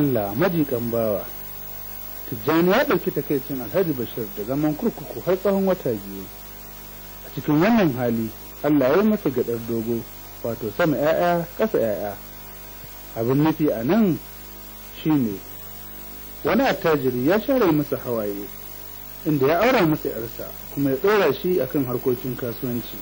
Allah majikan bawa tijjani ya ɗauki takaicin alhaji bashir da zaman kurkuku har tsawon wata biyu a cikin wannan hali Allah ya yi masa gaɗar dogo wato sama 'ya'ya ƙasa 'ya'ya abin nufi a nan shine wani attajiri ya share masa hawaye inda ya aura masa yarsa kuma ya ɗora shi akan harkokin kasuwanci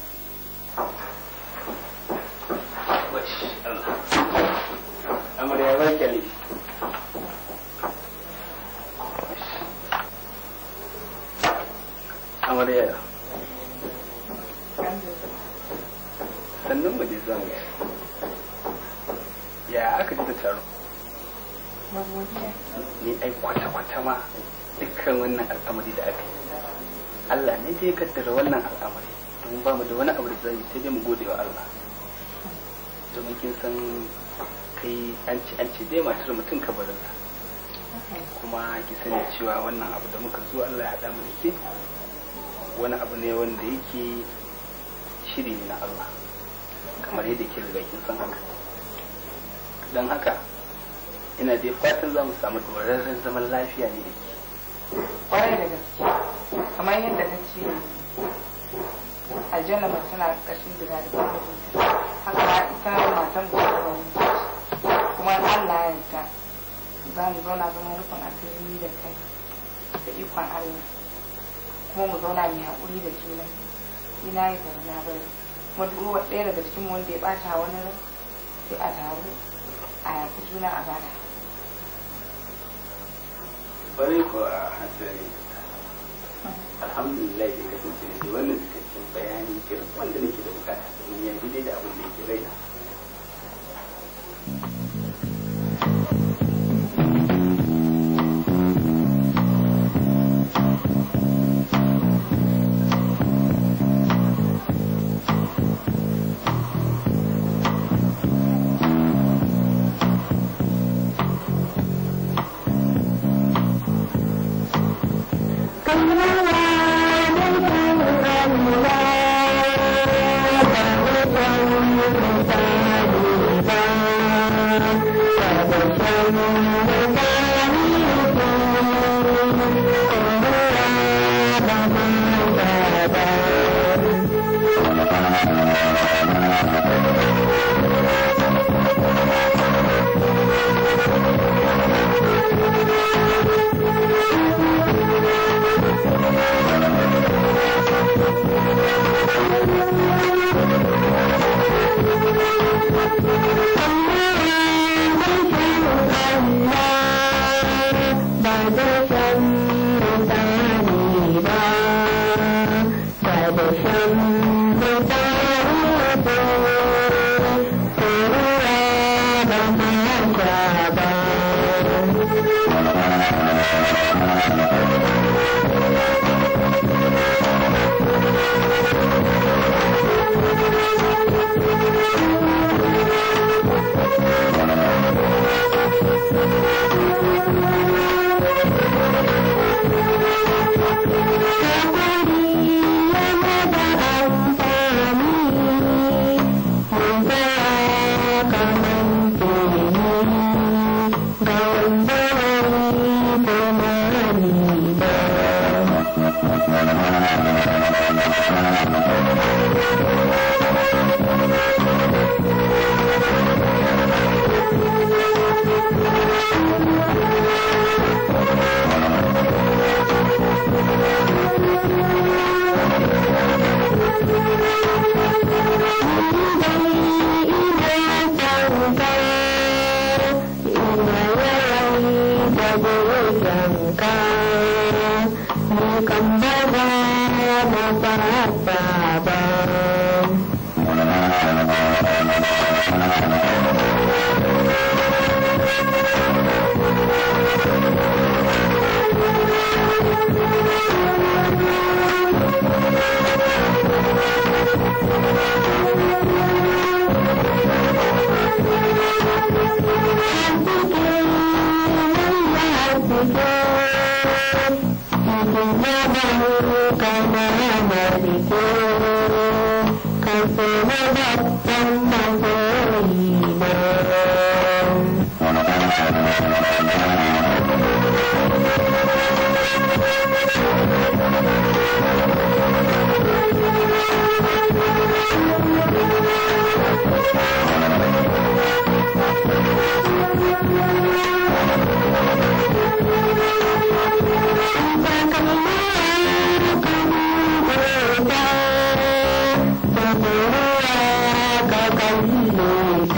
da mutum ka barinsa kuma ki sani cewa wannan abu da muka zo Allah ya haɗa mu ke wani abu ne wanda yake shiri na Allah kamar yadda ke riga kin san haka don haka ina dai fatan za mu samu dorarren zaman lafiya ne da ke kwarai da gaske kamar yadda ka ce aljanna tana ƙarƙashin diga da haka ita matan da ta kuma Allah ya yarda za mu zauna zaman rufin asiri da kai da ikon Allah kuma mu zauna mai haƙuri da juna ina yi bari na bari kuma duk ɗaya daga cikin wanda ya ɓata wani rai sai a taru a yafi juna a bada. Bari ko a alhamdulillah da kasance da wannan cikakken bayani irin wanda nake da bukata domin ya daidai da abin da yake raina. Oh, no, no, no. Super!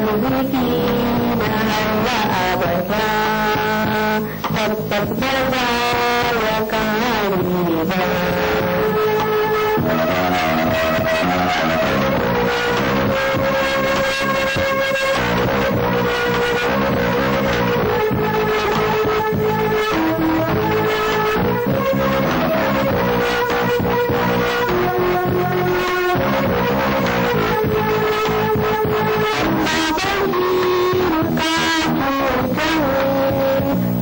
نمضي فيما وأبدا تبت يدا وكالبا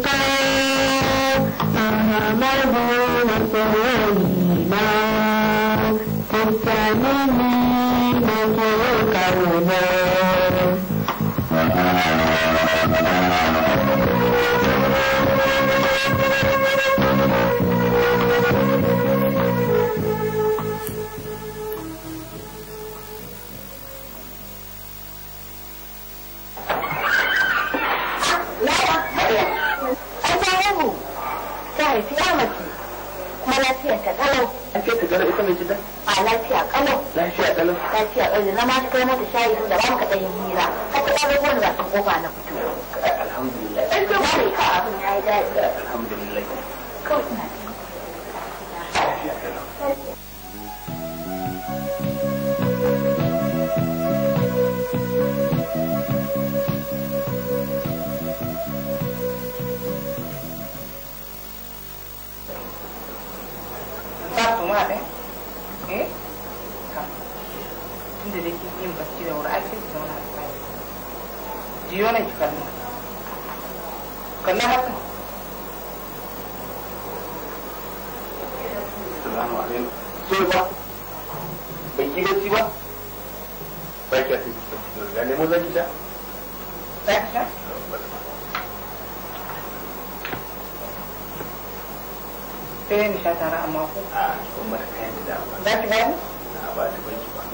Thank akwai mata shayi da ba mu ka yin hira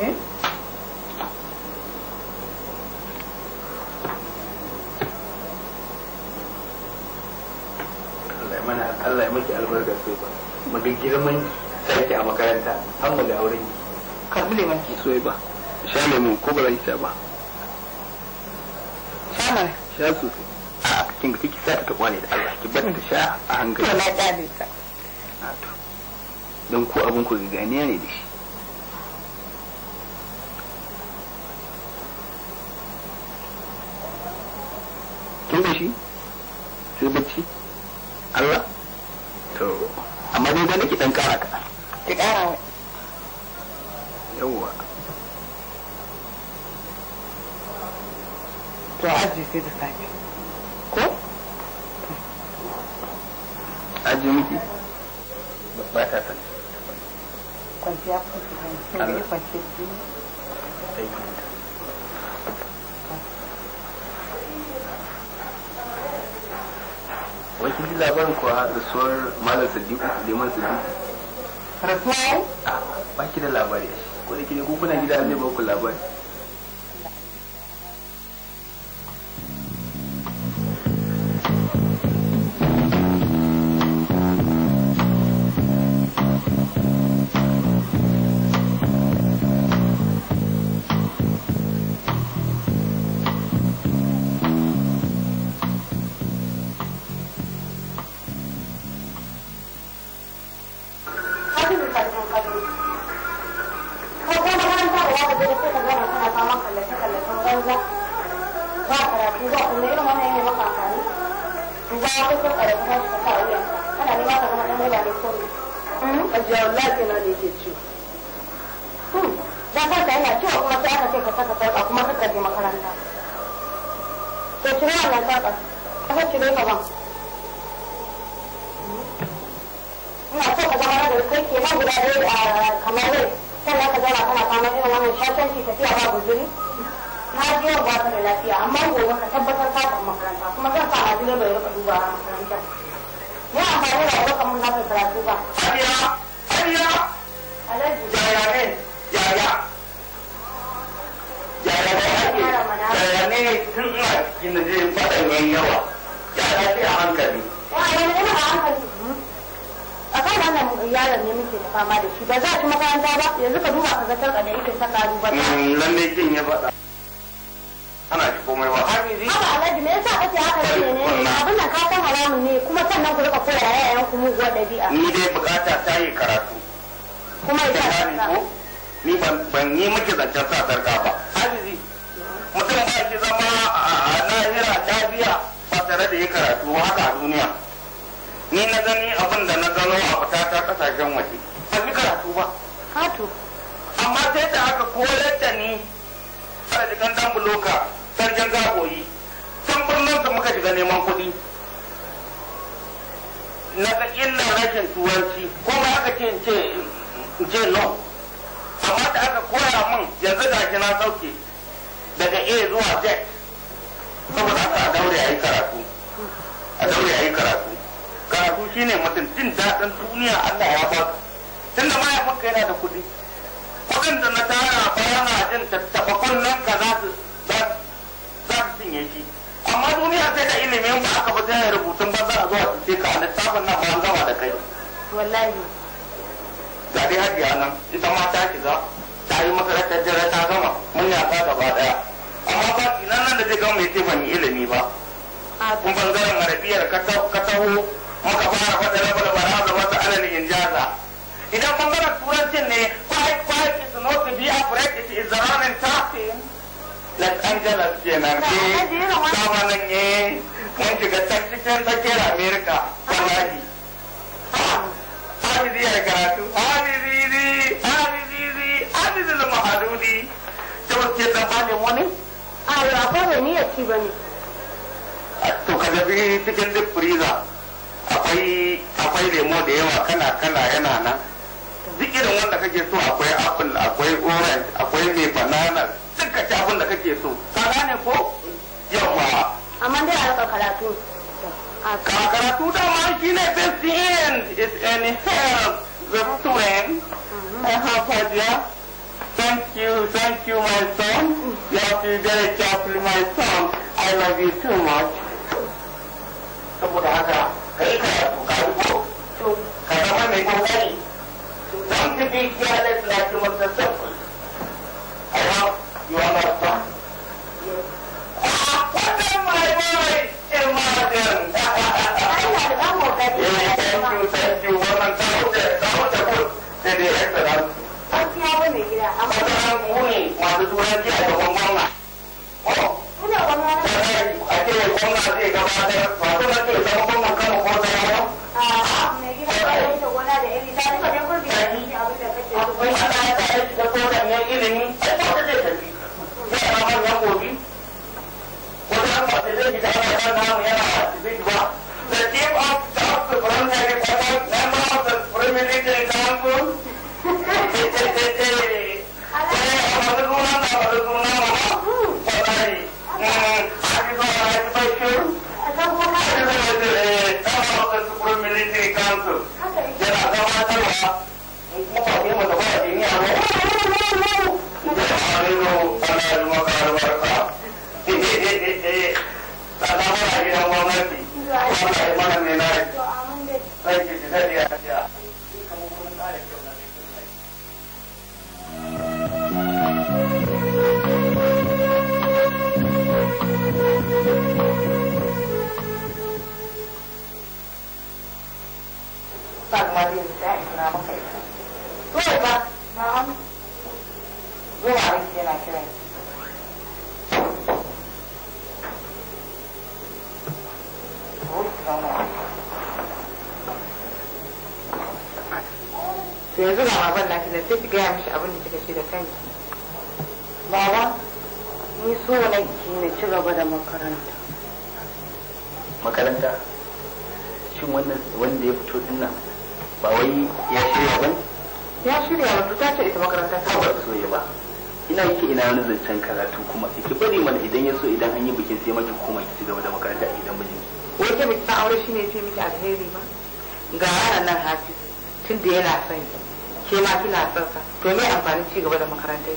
eh Allah ya miki albarka so ba maga girman sarki a makaranta an maga auren karbi ne maki so ba sha lemu ko ba zai ba sha mana sha sosai a kin ga kike sa ta kwane da Allah ki bar ta sha a hankali to na ta don ko abun ku gane ne da shi rasuwar malam sadiku liman sadiku rasuwa ba ki da labari ko da ki ne kuna gida zai ba ku labari amma sai da haka koyar da ni fara jikan dan buloka sarkin gaboyi tun birnin su muka shiga neman kuɗi na ga na rashin tuwanci ko aka ce in ce no amma da aka koya min yanzu ga shi na sauke daga a zuwa z saboda haka a daure a yi karatu a daure a yi karatu karatu shine mutum jin daɗin duniya allah ya baka tunda ma ya maka yana da kuɗi kudin da na tara baya na jin tattaɓa nan ka za su cinye shi amma duniya sai da ilimin ba aka ba sai rubutun ba za a zo a cikin ka a littafin nan ba an zama da kai wallahi ga dai hajiya nan ita ma ta shiga ta yi makarantar jira ta gama mun ya ta gaba daya amma ba nan nan da zai gama ya ce ban yi ilimi ba kun bangaren marafiyar ka taho maka fara faɗa rabar bara ga wata alalin jaza. idan bangaren turancin ne quiet quiet is not to be afraid it is the run Los Angeles kenan ke zamanin ne mun shiga can tsakiyar America wallahi Hadi ah, zai karatu Hadi zizi Hadi Ali Hadi zizi mahadudi ta wasu da ba ne wani ah, a y'a ba ne niyyar ci ba to ka tafi cikin duk freezer akwai lemo da yawa kala kala yana nan duk irin wanda kake so akwai apple akwai orange akwai mai banana duka ci abin da kake so ka gane ko yawa amma dai a rika karatu ka karatu da ma shi ne best end is an help the student I have had ya Thank you, thank you, my son. You have to very careful, my son. I love you too much. Saboda haka, ka yi karatu, ka yi ko, ka zama mai kokari. want to be careless thank you, thank you. ne na. A ce gwamna zai gabatar, masu mace zama gwamnan akwai shi ya ilimi Thank you. kansu yana gabatarwa kuma ba ke mata ba ke ni a ba da aminu ana maka albarka eh, eh, eh, ta ta mara gidan gwamnati wanda ya mana ne na yi sai ki ji daɗi a sai ki gaya mishi abin da kika ce da kanki baba ni so na ki na ci gaba da makaranta makaranta shin wannan wanda ya fito dinnan ba wai ya shirya ba ya shirya wato ta ce ita makaranta ta ba so ya ba ina yake ina wani zancen karatu kuma ki bari mana idan ya so idan an yi bikin sai maki kuma ki ci gaba da makaranta idan mijin wai ke biki ta aure shine ya ce miki alheri ba ga yaran nan hafiz tun da yana son ki ke ma kina son sa to me amfanin ci gaba da makarantar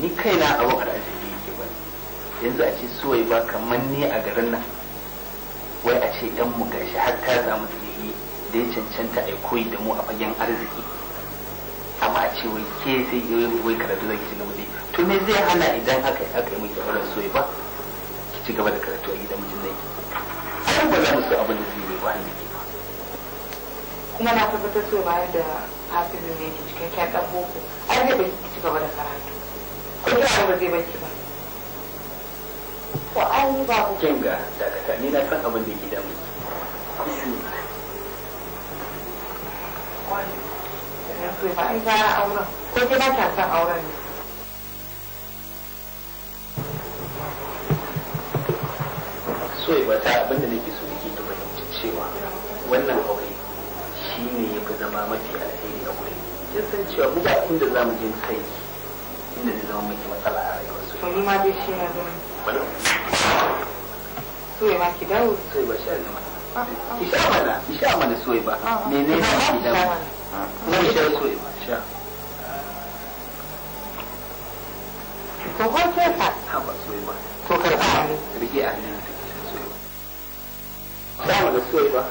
ni kaina abu da arziki yake ba yanzu a ce suwai ba kamar ni a garin nan wai a ce ɗan mu gashi har ta samu tsiyi da ya cancanta a koyi da mu a fagen arziki amma a ce wai ke sai yi wai karatu zai ci gaba dai to me zai hana idan aka yi aka yi miki auren suwai ba ki ci gaba da karatu a gidan mijin nan ai ba za mu so abin da zai yi ba hanziki kuma na tabbatar so bayan da hafizu ne yake cikakken ɗan boko ai zai baki ki ci gaba da karatu ko kira ba zai baki ba to ai ba ku kin ga daga ta ni na san abin da yake damu wani ne na ba ai auren ko ke ba ta san auren ne so ba ta abin da nake so yake da fahimci cewa wannan aure zama mafi alheri a wuri kin san cewa mu ba inda zamu je kai inda zai zama miki matsala a rayuwar su to ni ma dai shi na zama wani soyi ma ki dawo soyi ba shi ne ma ki sha mana ki sha mana soyi ba ah, ah. ne ne ki dawo zan sha soyi ba sha ko ko ke fa ha ba soyi ba ko karba rike a ne ta soyi ba sha mana soyi ba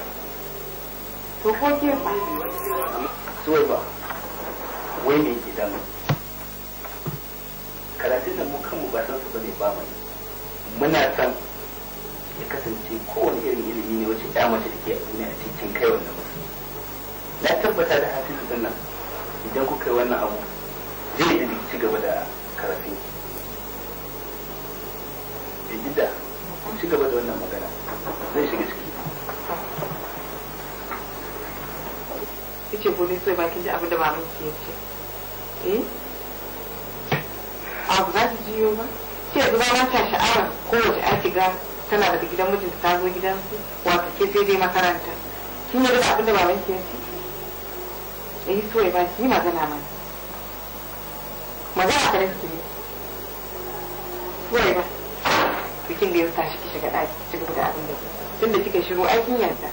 to ko ke fa suwai ba wai ne gidan karatun da mu kanmu ba san su bane ba mai muna san ya kasance kowane irin ilimi ne wacce ya mace take a duniya a cikin kai wannan musu na tabbata da hafizu din nan idan kuka yi wannan abu zai yi ci gaba da karatun ki da ku ci gaba da wannan magana zai shiga ciki kike bude sai bakin ji abin da maman ki ce eh abu za ki jiyo ba ke yanzu ba mata sha'awar kowace aiki ga tana daga gidan mijinta ta zo gidan su wato ke sai dai makaranta kin yi da abin da maman ki ce eh so ya ba ki magana ma magana ta rike ne suwai ba bikin da ya tashi ki shiga ɗaki ki ci da abin da ke kika shigo aikin yanta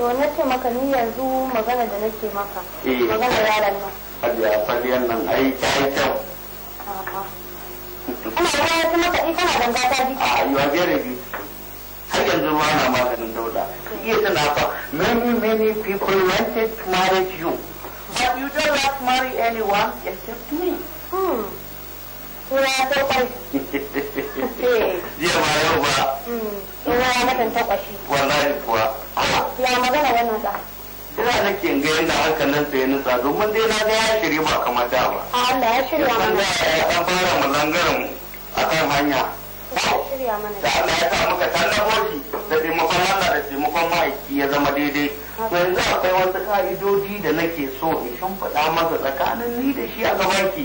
to na ce maka ni yanzu magana da nake maka eh. magana yaran nan hajiya kwaliyan nan ai kai yi kyau ana ruwa ya maka in kana ganga ta ji a yi wajen rabi har yanzu ruwa na maganin dauda iya tana fa many many people wanted to marry you but you don't like marry anyone except me hmm. Ruwa ko kwai. Jiya ba yau ba. Mm, ruwa ya nakan takwashi. Wallahi kuwa. Ya magana wannan sa. Ina nake in ga yadda hankalin sa ya nutsa domin dai na ga ya shirya ba kamar da ba. A Allah ya shirya mana. Ya san fara mu zangaren a kan hanya. Da Allah ya sa muka tallafo da taimakon Allah da taimakon ma'aiki ya zama daidai. To yanzu akwai wasu ka'idodi da nake so in shimfiɗa masa tsakanin ni da shi a gaban ki.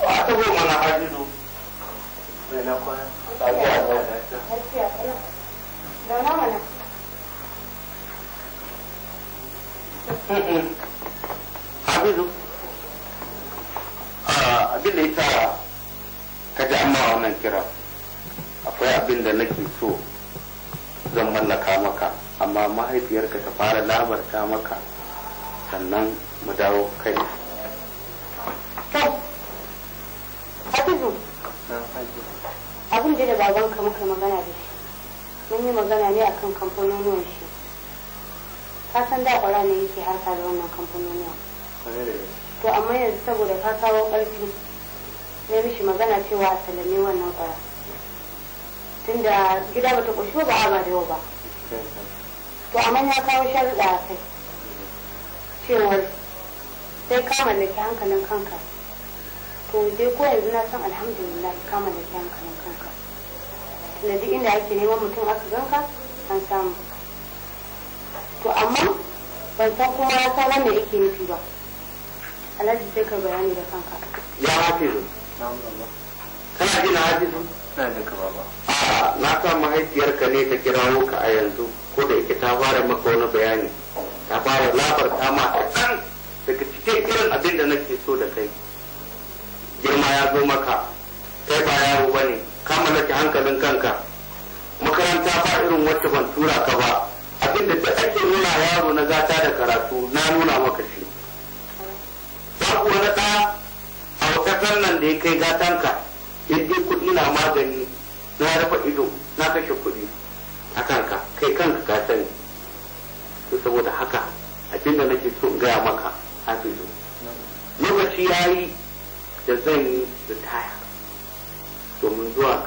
a ta goma na da abin da ita ka ji amma wannan kira akwai abin da nake so zan mallaka maka amma mahaifiyarka ta fara labarta maka sannan mu dawo kai Hafizu. Abin da baban ka muka magana da shi. Mun yi magana ne akan kamfanonuwan shi. Ka san da ƙwara ne yake harka da wannan kamfanonuwan. To amma yanzu saboda ka kawo ƙarfi na mishi magana cewa a salame wannan ƙwara. Tunda gida bata ƙoshi ba a ba da yau ba. To amma ya kawo sharuɗa a kai. Cewar sai ka mallaki hankalin kanka. to dai ko yanzu na san alhamdulillah kama da kyan kanan kanka tunda duk inda ake neman mutum aka ganka an samu to amma ban san kuma ya san wanda yake nufi ba alhaji sai ka bayani da kanka ya hafizu kana ji na hafizu na ji ka baba a na san mahaifiyarka ne ta kirawo ka a yanzu ko da yake ta fara maka wani bayani ta fara labarta ma kaɗan daga cikin irin abin da nake so da kai girma ya zo maka kai ba yaro ba ne ka mallaki hankalin kanka makaranta ba irin wacce ban tura ka ba abinda da ake nuna yaro na gata da karatu na nuna maka shi babu wani ɗa a wata nan da ya kai gatanka yadda kuɗi na magani na rufe ido na kashe kuɗi a kanka kai kanka ka sani to saboda haka abinda nake so in gaya maka hafizu lokaci ya yi da zan yi ritaya domin zuwa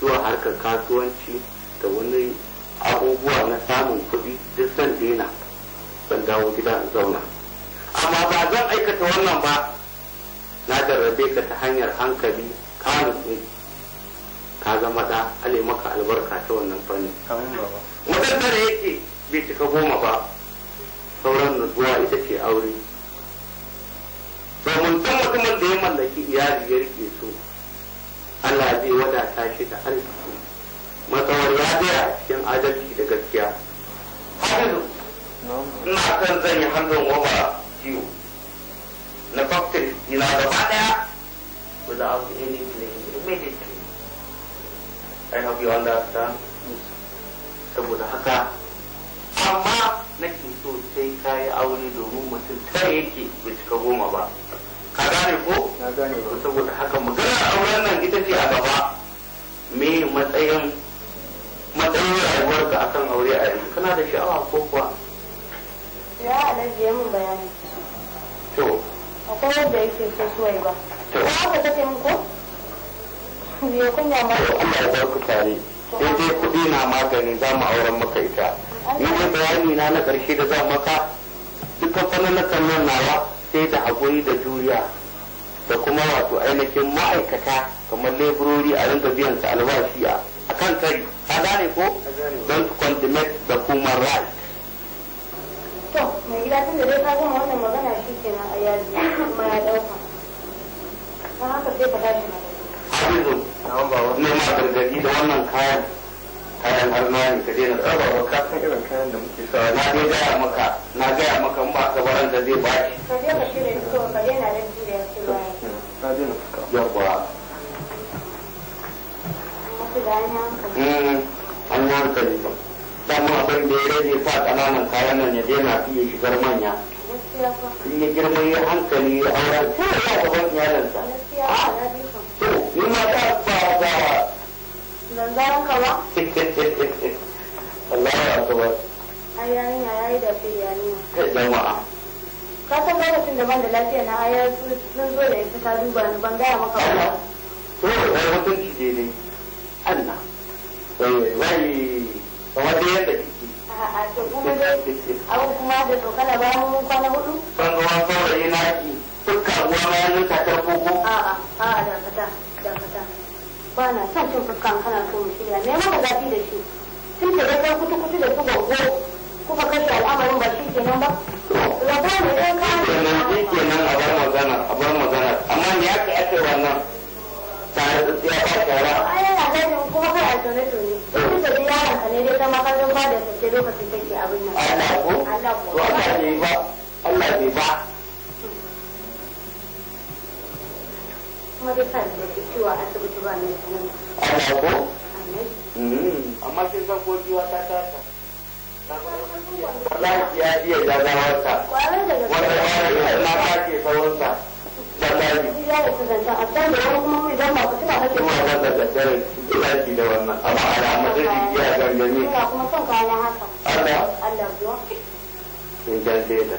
zuwa harkar kasuwanci da wani abubuwa na samun kuɗi duk zan daina zan dawo gida in zauna amma ba zan aikata wannan ba na jarrabe ka ta hanyar hankali ka nutsu ka zama da ale maka albarka ta wannan fanni wadanda da yake bai cika goma ba sauran zuwa ita ce aure domin duk mutumin da ya mallaki iyali ya rike su Allah zai wadata shi da arziki matsawar ya tsaya cikin adalci da gaskiya Na ina kan zan yi hannun wama ciwo na factory ina gaba ne? without any ne. immediately I hope you understand saboda haka amma nake so sai kayi aure domin mutum ta yake bai cika goma ba ka gane ko saboda haka magana auren nan ita ce a gaba me matsayin matsayin rayuwarka akan aure a yanzu kana da sha'awa ko kuwa ya alaji ya mun bayani to akwai wanda yake so suwai ba to haka take mun ko me kunya ma ko Allah ya barku tare sai dai kuɗi na magani za mu auren maka ita ni ne bayani na na ƙarshe da za maka dukkan fannin na kan nan nawa sai da haƙuri da juriya da kuma wato ainihin ma'aikata kamar laburori a rinka biyan su albashi a kan kari ka gane ko don su kwandimet da kuma right to mai gida tun da dai ka gama wannan magana shi kenan a yaji kuma ya dauka don haka sai ka tashi magana. Abizu, ne ma gargadi da wannan kayan kayan armani ka daina saba ba ka san irin kayan da muke sawa na dai gaya maka na gaya maka in ba ka baran da zai ba shi ka daina shirin to ka daina da jiya su ba ka daina fuka yawa an yi hankali ba hmm, dama abin da ya rage sa ƙananan kayan nan ya daina iya shigar manya in ya girma ya hankali ya auren sai ya gaban iyalinsa a to ni ma ta ba Ban za ka ba? Allah ya akubar. Ai yarinya ya yi da fi yarinya. Kai jama'a. Ka san lokacin da ban da lafiya na ayar sun zo da ita ta duba ni ban gaya maka ba. To, ai mutunci daidai. Allah. Wai wai kamar dai yadda kike. A'a to kuma dai abu kuma da tokala ba mun kwana hudu. Ban ga wani saurayi na ki. Dukkan ruwa bayan ta tarko ko. A'a a'a dakata dakata. ba na son cin fuskan kana so mu shirya me maka zafi da shi tun da gaskiyar kutu kutu da su gwaggo kuka kashe al'amarin ba shi kenan ba rabo ne ɗan kawo shi kenan a bar magana a bar magana amma me ya ka ake wannan kuma kai eh. ne dai ta makarin da take abin Allah ko ba Allah ba kuma mm. Amma sai zan godiwa ta tata. Wallahi ya iya jazawarta. Wanda ya yi na kake sawansa. Wallahi. da su zanta a can da wani kuma da ki da wannan. Amma ala mutum ya iya gangami. Ina Allah. Allah kuwa. Sai da.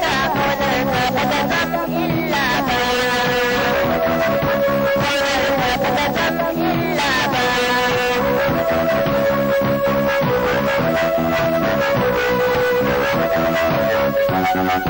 La policía se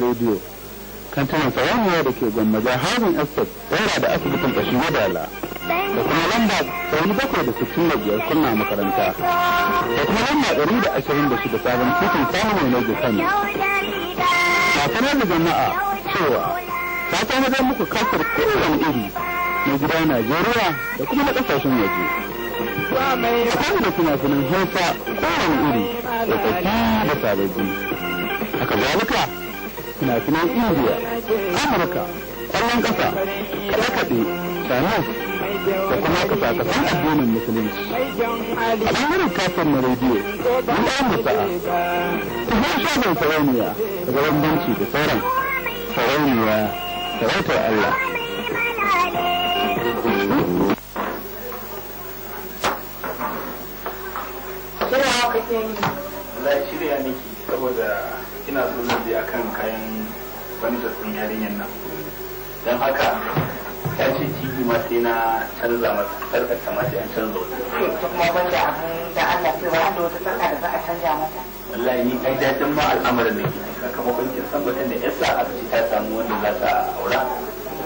na rediyo kan tana sarauniya da ke gwamma jahazin estate tsara da asibitin ƙashi dala da kuma lamba ɗari bakwai da sittin da biyar makaranta da kuma lamba ɗari da ashirin da shida sabon titin samun mai nage kano a sanar da jama'a cewa ta maza muku kasar kowane iri na gida najeriya da kuma na ƙasashen waje akwai da suna sunan hausa kowane iri da tsaki da sababbi haka zalika fina-finan indiya amurka kwallon ƙasa kaɗe-kaɗe chinese da kuma kasakasan addinin musulunci a ɓangaren kafin na rediyo mun ba mu sa'a ta shagon sarauniya da gaban da sauran sarauniya sarautar allah haka ta ce tv ma sai na canza mata sarkar ta ma sai an canza wata kuma banda abin da Allah sai ba da wata sarka da za a canza mata wallahi ni ai dadin ma al'amarin ne sakamakon kin san mutum da yasa aka ce ta samu wanda za ta aura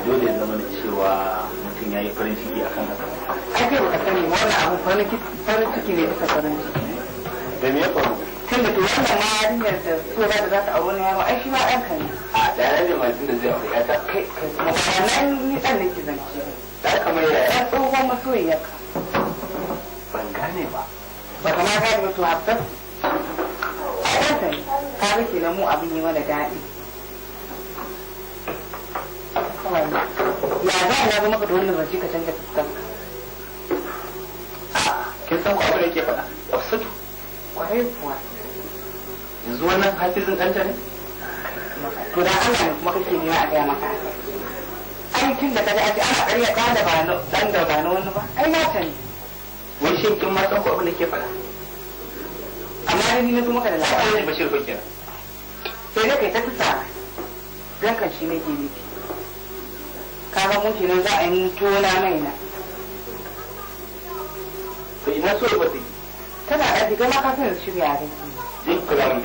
dole ya zama cewa mutum ya yi farin ciki akan haka ai kai baka sani wannan abu farin ciki ne duka farin ciki soyayyarka ban gane ba ba ka ma gane wato haɓɓar ka ne ka ga na mu abin yi mana daɗi kawai ya za a yaga maka da wannan zance ka canza fuskanka kin san abin da yake faɗa wasatu kwarai kuwa yanzu wannan hafizin ɗanta ne to da Allah ne kuma kake nema a gaya maka abincin da ka ga ana karya ɗan da ba dan da ba na wani ba ai na ta ne wai shin kin ma san ko abin da ke faɗa amma ni ne kuma maka da labarin da ko kira sai da kai ta tsara dan kan shi ne ke nufi ka ga mun mushi nan za a yi tona mai na to ina so ba ta yi tana da ga ma ka san shi ya dai duk kula mu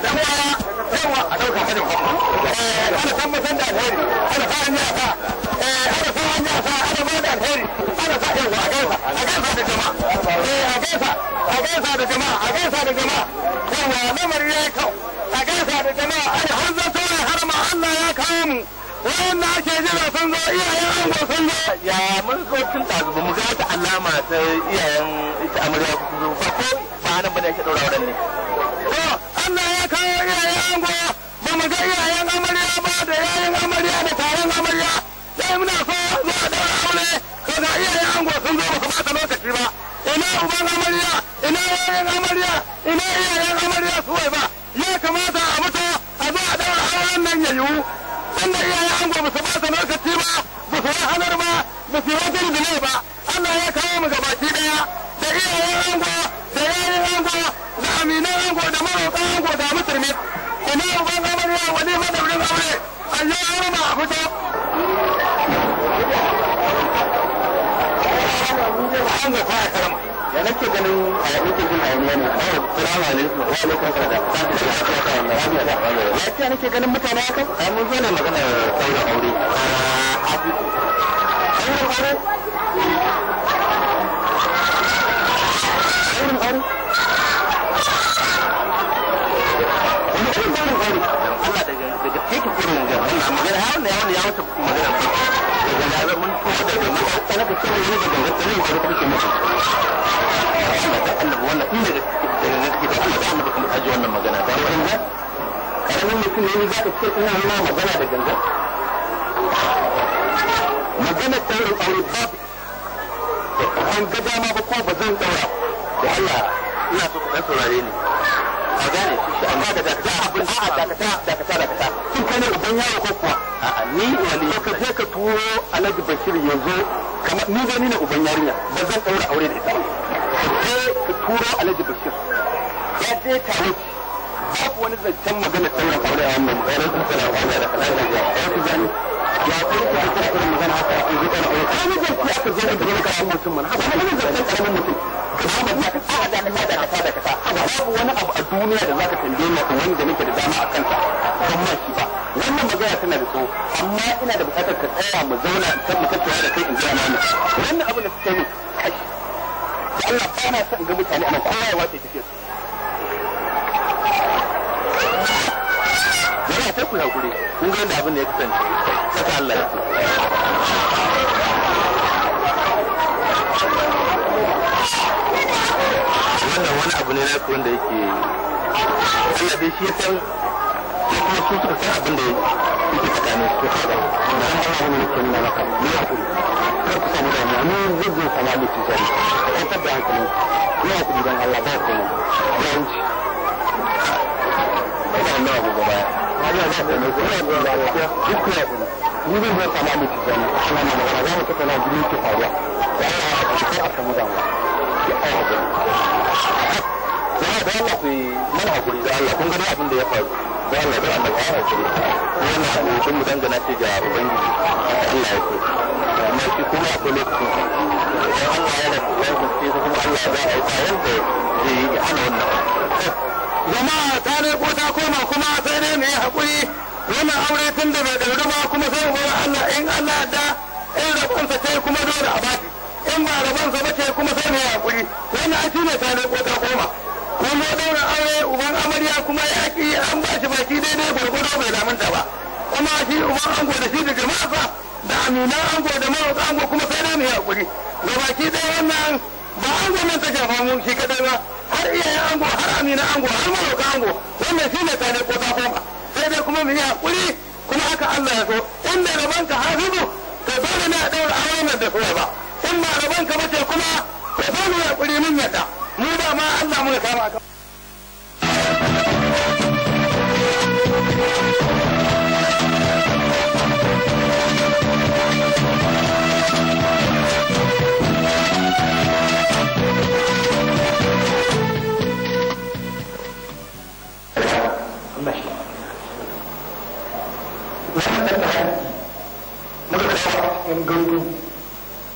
alheri ana tabbatar da ana sa an yasa ana sa an yasa ana ba da ana sa a gaisa a gaisa da jama'a a gaisa a gaisa da jama'a a gaisa da jama'a yawa lamari ya a gaisa da jama'a har zan har ma Allah ya kawo mu wanda ake jira sun zo iyayen sun zo ya mun zo tun da mu ga alama ta iyayen ita amarya ba ko ba nan ba da yake daura wannan ne da Allah ina so ku dan saurare ni a gane shi amma da da ta abin da da ta da ta da ta kin kana uban yawo ko kuwa a'a ni wali ka je ka turo Alhaji Bashir yanzu kamar ni gani na uban yarinya ba zan daura aure da ita ka je ka turo Alhaji Bashir ya je ta wuce babu wani zancen magana sauran aure a wannan magana da tsara wanda da kana da ya ku gani ya ku da kuma magana haka ku ga aure ai ne zai ku aka zo da kuma karamar mutum mana haka ne zai ku karamin mutum Muhammad ya ka tsaya da kaza da kaza da kaza babu wani abu a duniya da zaka tambaye ni wanda nake da dama a kansa ban ma shi ba wannan magana tana da tsawo amma ina da bukatar ka tsaya mu zauna kan mu tattauna da kai in ji ana ni wannan abin da suka yi kai da Allah ba na son ga mutane amma kowa ya wace tafiyar yana ta kula gure kun ga abin da ya kasance saka Allah ya wannan wani abu ne na kurin da yake Allah bai shi ya kuma su suka san abin da yake tsakanin su amma ne kin ne kar ku da mu sai ka tabbata ne dan Allah ba ku ne ya ba da Allah ya ku ya ku ni sai magana za mu tattauna jini ki faruwa ya Allah ka ka samu da ce ai hakuri zama da Allah hakuri da Allah kun gani abin da ya faru da Allah da Allah ya hakuri yana kokin mu dangana ce ga ubangiji Allah ya amma shi kuma a kullum ku dan Allah yana kokarin shi kuma Allah za a yi bayan da zai yi ana wannan jama'a ta ne ko ta koma kuma sai dai mu yi hakuri wannan aure tun da bai ɗauri ba kuma sai mu Allah in Allah da in rakonsa sai kuma dole a baki in ba rabon sa bace kuma sai mai hakuri wannan an shine sanin ko ta koma kuma daura aure uban amarya kuma ya ki an ba shi baki daidai gurgudo bai lamunta ba kuma shi uban ango da shi da jama'a da Amina ango da mawaka ango kuma sai dai mai hakuri ga baki dai wannan ba ango nan ta shafa mun shi kadai ba har iyaye ango har Amina ango har mawaka ango wannan shine sale ko ta koma sai dai kuma mu yi hakuri kuma haka Allah ya so inda rabon ka har hudu ka dole ne a daura auren da kowa ba in ba rabon ka bace kuma ka samu ya kuri mun yadda mu ba ma Allah mu kama ka Thank you.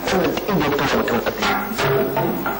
うん、いいよ、お父さん持っって。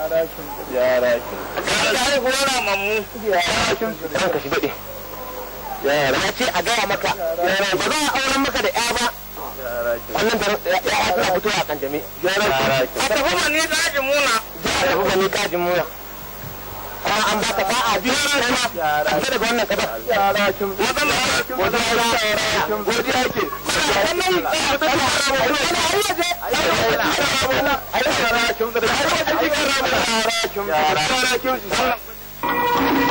yara kin yara kin da haihuwar ramammu yara kin a gaya maka ba za a auren maka da ya ba wannan da ya fito a kan amma an ba a sa'a biyu kana ta daga wannan godiya godiya ke wannan kana waje ayyuka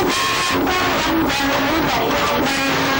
Thank you.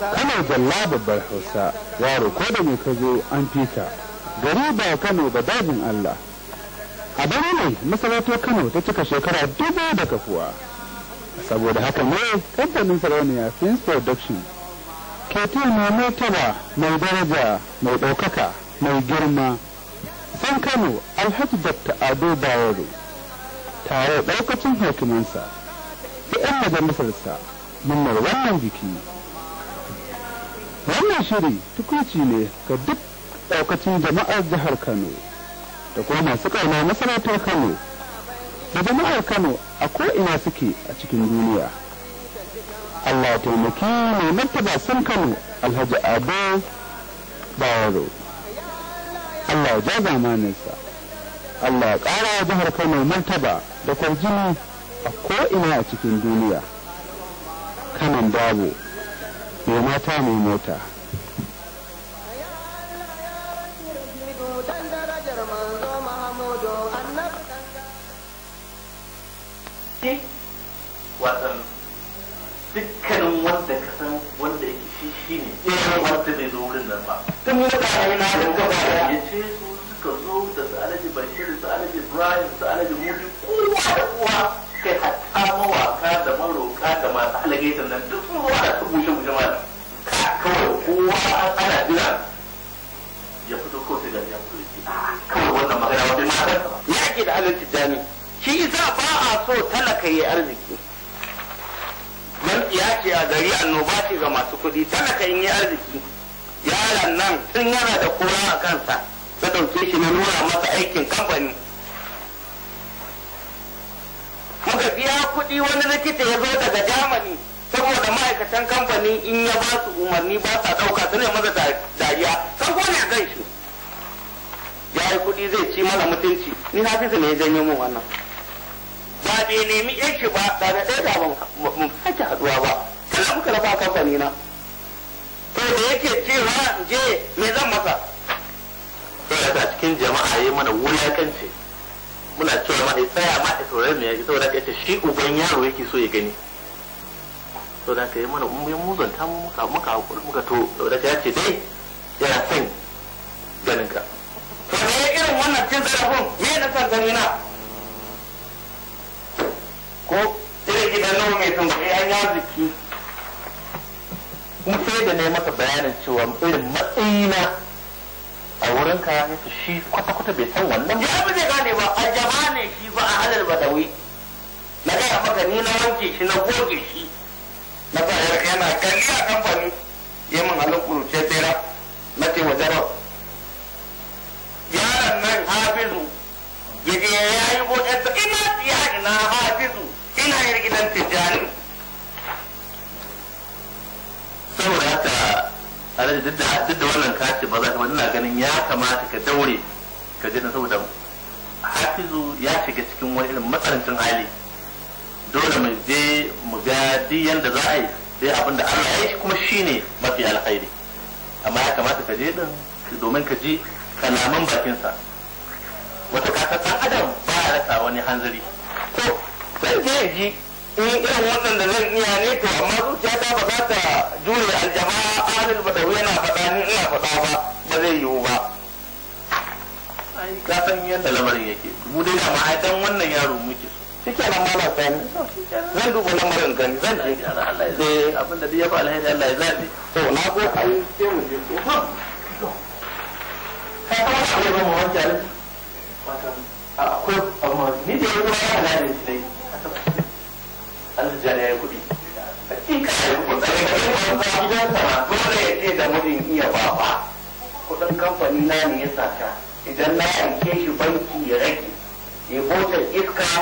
Kano jalla babbar hausa yaro ko da mai ka zo an fita gari ba kano da dajin allah a bana ne masarautar kano ta cika shekara dubu da kafuwa saboda haka ne kamfanin sarauniya films production ke mota ba mai daraja mai ɗaukaka mai girma san kano alhaji dr ado bayero tare ɗaukacin hakimansa da 'yan majalisarsa mun wannan jiki wannan shiri tukunci ne ga duk daukacin jama'ar jihar kano da kuma masu kauna masarautar kano da jama'ar kano a ko'ina suke a cikin duniya allah taimaki mai martaba sun kano alhaji ado bayero allah ya ja zamaninsa allah ya ƙara jihar kano martaba da kwarjini a ko'ina a cikin duniya kanan babu mai eh, mata mai mota wasan dukkanin wanda ka san wanda yake shi shi ne eh, wanda bai zo wurin nan ba tun yi da rami na da gaba ya ce su suka zo da su alaji bashir su alaji ibrahim su alaji mutu kowa da kowa kai hatta mawaka da maroka da masu alagaitan nan duk sun zo ana su bushe mana kawai kowa ana jira ya fito ko gani ya fito kawai wannan magana wajen yaƙi da halin tijjani shi isa ba a so talaka yi arziki man ya ce a gari annoba ce ga masu kuɗi talaka in yi arziki yaran nan tun yana da kura a kansa ta ɗauke shi na nuna masa aikin kamfani muka biya kuɗi wani likita ya zo daga jamani saboda ma'aikatan kamfani in ya ba su umarni ba sa ɗauka su ne maza dariya san ko ne a kan shi ya yi kuɗi zai ci mana mutunci ni hafizu ne ya janyo min wannan ba bai nemi yake ba ba da ɗaya da mun sake haɗuwa ba kana muka rafa kamfani na to da yake cewa in je me zan masa to da cikin jama'a yi mana wulakanci muna cewa ma ya tsaya ma ya saurari ne ya saboda ya ce shi uban yaro yake so ya gani to da ka yi mana umbin muzan ta muka muka hakuri muka to da ka yace dai yana son ganin ka to ya irin wannan cin zarafin me na san gani na ko irin gidan nawa mai sun bai an yaziki kuma sai da ne masa bayanin cewa irin matsayina a wurin ka su shi kwata-kwata bai san wannan ba. ya fi zai gane ba a jama ne shi ba a halar badawi na gaya maka ni na wanke shi na goge shi na bayar yana gani a kamfani ya min halin kuruce bera na ce wajen rau yaron nan hafizu yaje ya yi bodarsa ina yi na hafizu ina yi gidan tijjani saboda haka alhaji duk da duk da wannan kaci ba za ka ina ganin ya kamata ka daure ka je na saboda hafizu ya shiga cikin wani irin matsalancin hali dole mu je mu ga duk yanda za a yi sai abin da Allah ya yi kuma shine mafi alkhairi amma ya kamata ka je din domin ka ji kalaman bakinsa wata ka san adam ba ya rasa wani hanzari ko sai je ji in irin wannan da zan iya ne to amma ta ba za ta jure aljama'a adil badawi yana faɗa ni ina faɗa ba ba zai yiwu ba ai ka san yadda lamarin yake mu dai da ma'aikan wannan yaro muke shike nan sani zan duba lamarin gani zan je eh. abin da ya alheri Allah ya to na ko sai mu je akwai amma ni da ya shi Allah dole ya da iya baba kudin kamfani na ne ya sata idan na aike shi banki ya rage ya botar iska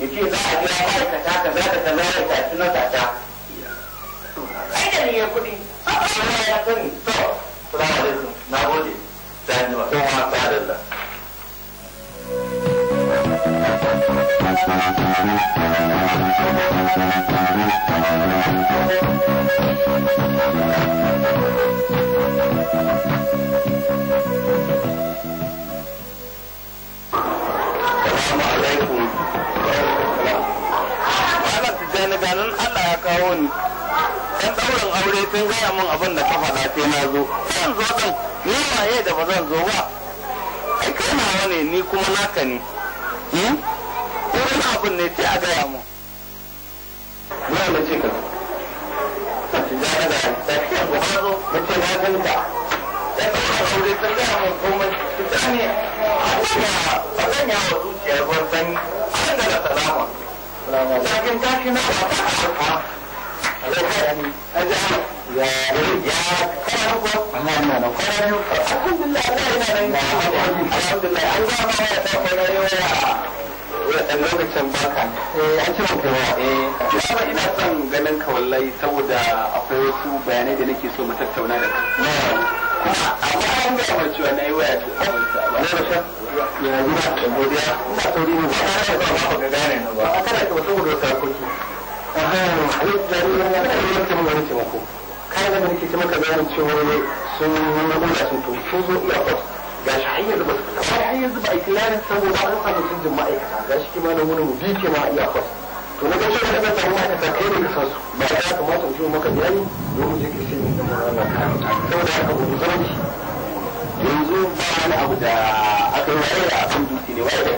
ya ce za a biya ma'aikata ka za ka zama ya tafi na tata ai da ne ya kuɗi saboda ya sani to salamu alaikum na gode ta yi ma kuma ta dalla Thank you. sai ganin Allah ya kawo ni ɗan ɗaurin aure sun gaya min abin da ka faɗa sai na zo zan zo ɗin ni waye da ba zan zo ba ai kai nawa ne ni kuma naka ne hmm? wurin abin ne sai a gaya mu na ce cika. Ta ci da da ta ci da zo ce na ganta. Ta ci da aure sun gaya min komai ta tsani a cikin a sanya wa zuciyar ban sani a da salama. لكن تاكي ya تحرقها يا baka an ce ganin ka saboda akwai wasu bayanai da nake so mu tattauna da kai a bayan da mace wa na yi ba na rasa ya yi na ta a kana ta a da ruwan yana ta da nake ta maka cewa sun nuna mula sun to sun iya kwas ga shi har yanzu wani mu biyu ke ma iya kwas to na da kasa aka sake ne ba kamata maka bayani domin ka sai saboda haka yanzu ba wani abu da aka yi wani da abin ne wani da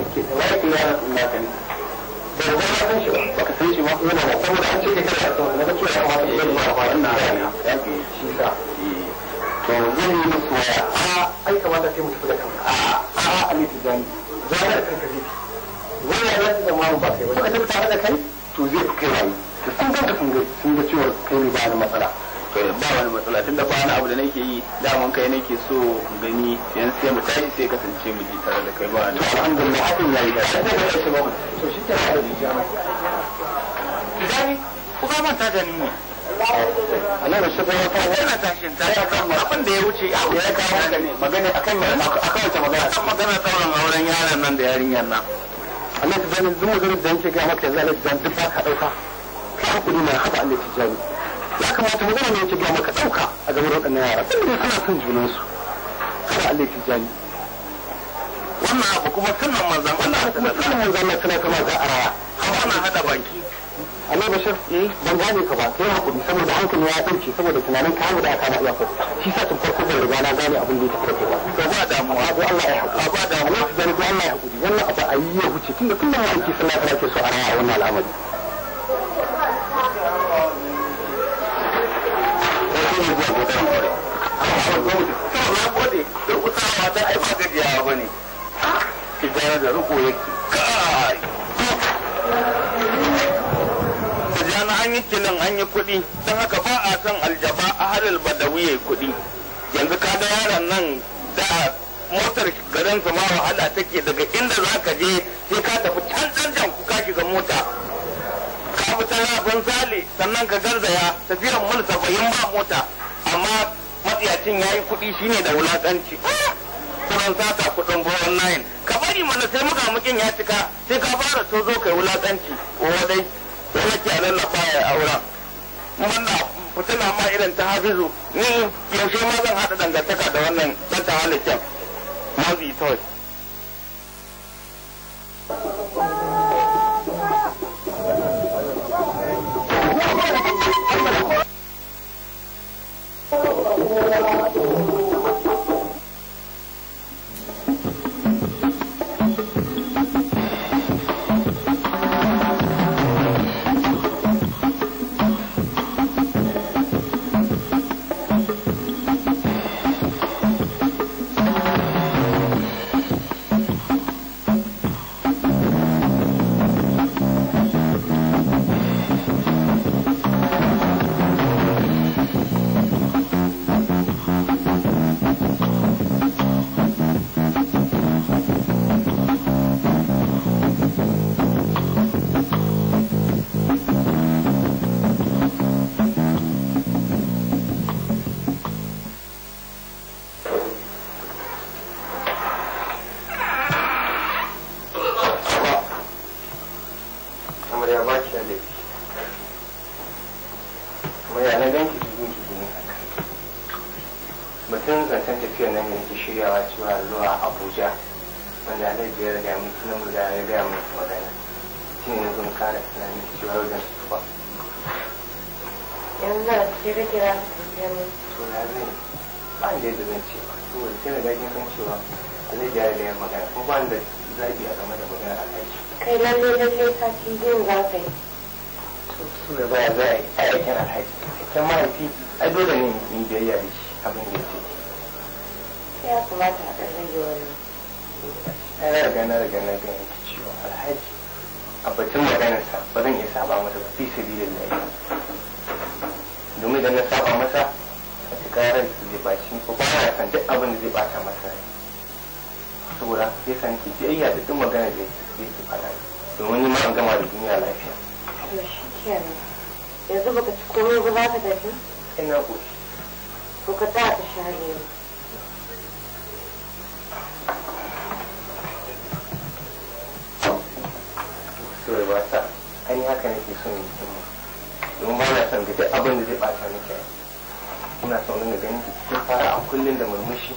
kake wani ne ba ka san shi ba baka san shi na saboda an ce ka to na gaske ya kamata yi ma ba wannan ya ke shi sa to zan yi musu waya a ai kamata sai da kanka a a a ne tijani wani ya zai tsammanin ba kai wani wanda tare da kai to zai fi kai wani to sun ganta kun ga sun ga cewa kai ne ba wani matsala to ba wani matsala tunda ba wani abu da nake yi daman kai nake so gani yan sai mu tashi sai kasance mu ji tare da kai ba wani alhamdulillah hakan yayi da sai da shi ba to shi ta da jama'a ku ga manta ta ni ne Allah da shugaba ya kawo yana tashin tashi abin da ya wuce ya kawo magana akan magana akan wace magana akan magana ta wannan auren yaron nan da yarinyar nan Allah ta zani duk maganar da yake ga maka yanzu Allah ta zani duk ba ka dauka ka hakuri mai haba Allah ta zani ya kamata maganar da yake ga maka dauka a gaban waɗannan yara saboda suna son junansu kada Allah ta zani wannan abu kuma sunan manzon Allah kuma sunan manzon Allah tana kama za a raya amma na hada baki amma bashir ban gane ka ba sai hakuri saboda hankali ya ɗauke saboda tunanin ka hagu da aka na iyakar shi sa tun farko ban riga na gane abin da ya tafi ba to ba damuwa ko Allah ya hakuri ba damuwa su ko Allah ya hakuri wannan abu a yi ya huce tunda kullum ma sallah ke so a rawa wannan al'amari Sama na kode, duk kusa mata da riko yake. tilin an yi kuɗi don haka ba a son aljaba a halil badawi kuɗi yanzu ka da yaron nan da motar garin su ma wahala take daga inda za ka je sai ka tafi can can ku ka shiga mota ka fi ta rafin sale sannan ka garzaya tafiyar mul saba'in ba mota amma matsiyacin ya yi kuɗi shine da wulaƙanci kuɗin sata kuɗin bawan nayin ka bari mana sai muka mukin ya cika sai ka fara tozo kai wulaƙanci ko dai sai yake a lallafa ya aura wannan fitina ma irin ta hafizu ni yaushe ma zan haɗa dangantaka da wannan ɗan ta halittar mazi toy kuna saunin da ganin da cikin fara a kullum da murmushi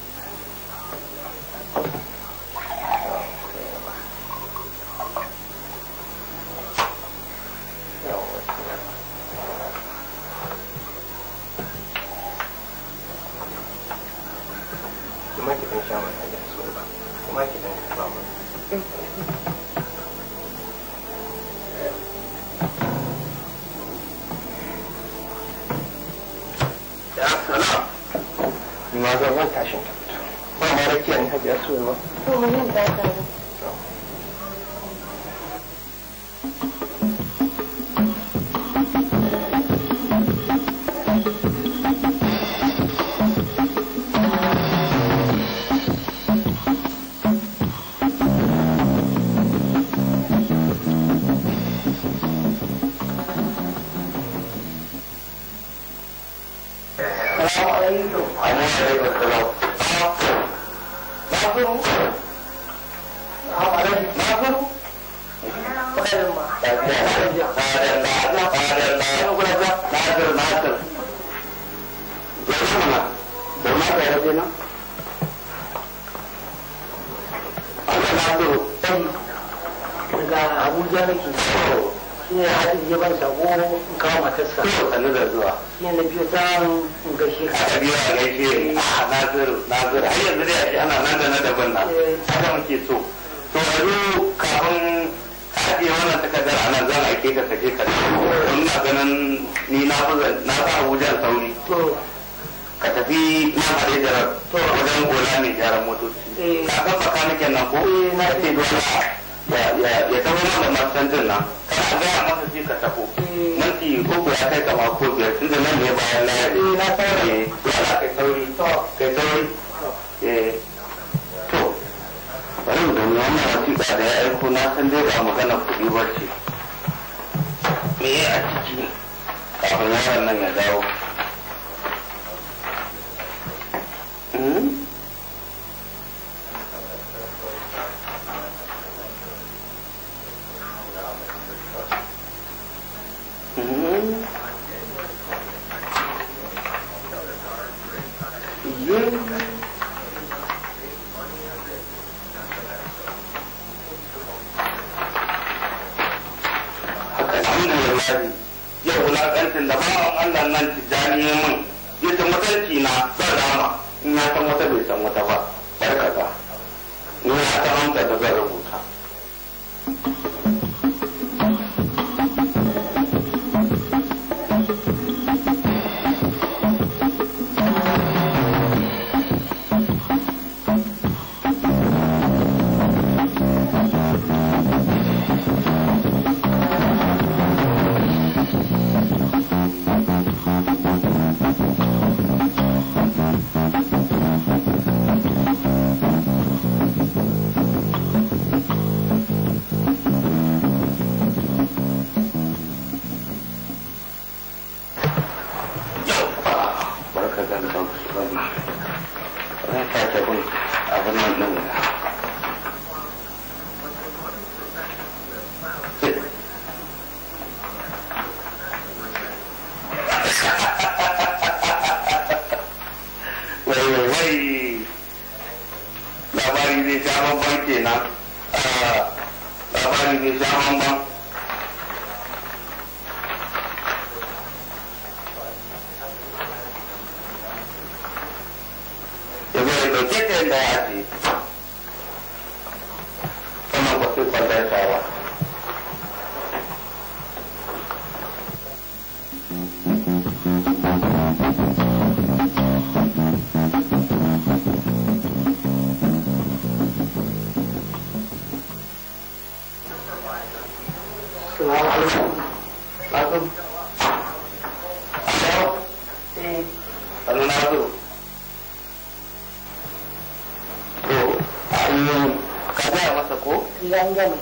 Durango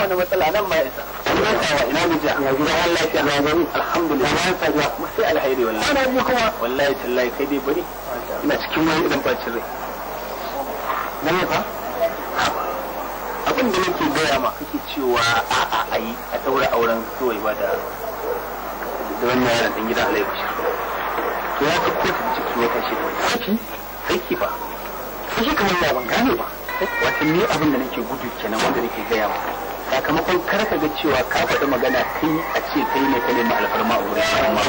wani matsala nan ma isa Allah ya ina miji a gidan Allah ya na gani alhamdulillah ba sa ga sai alheri wallahi ana ji kuma wallahi tallahi kai dai bari ina cikin wani idan bacin rai cewa ka faɗi magana kai a ce kai ne ka nemi alfarma a wurin shi amma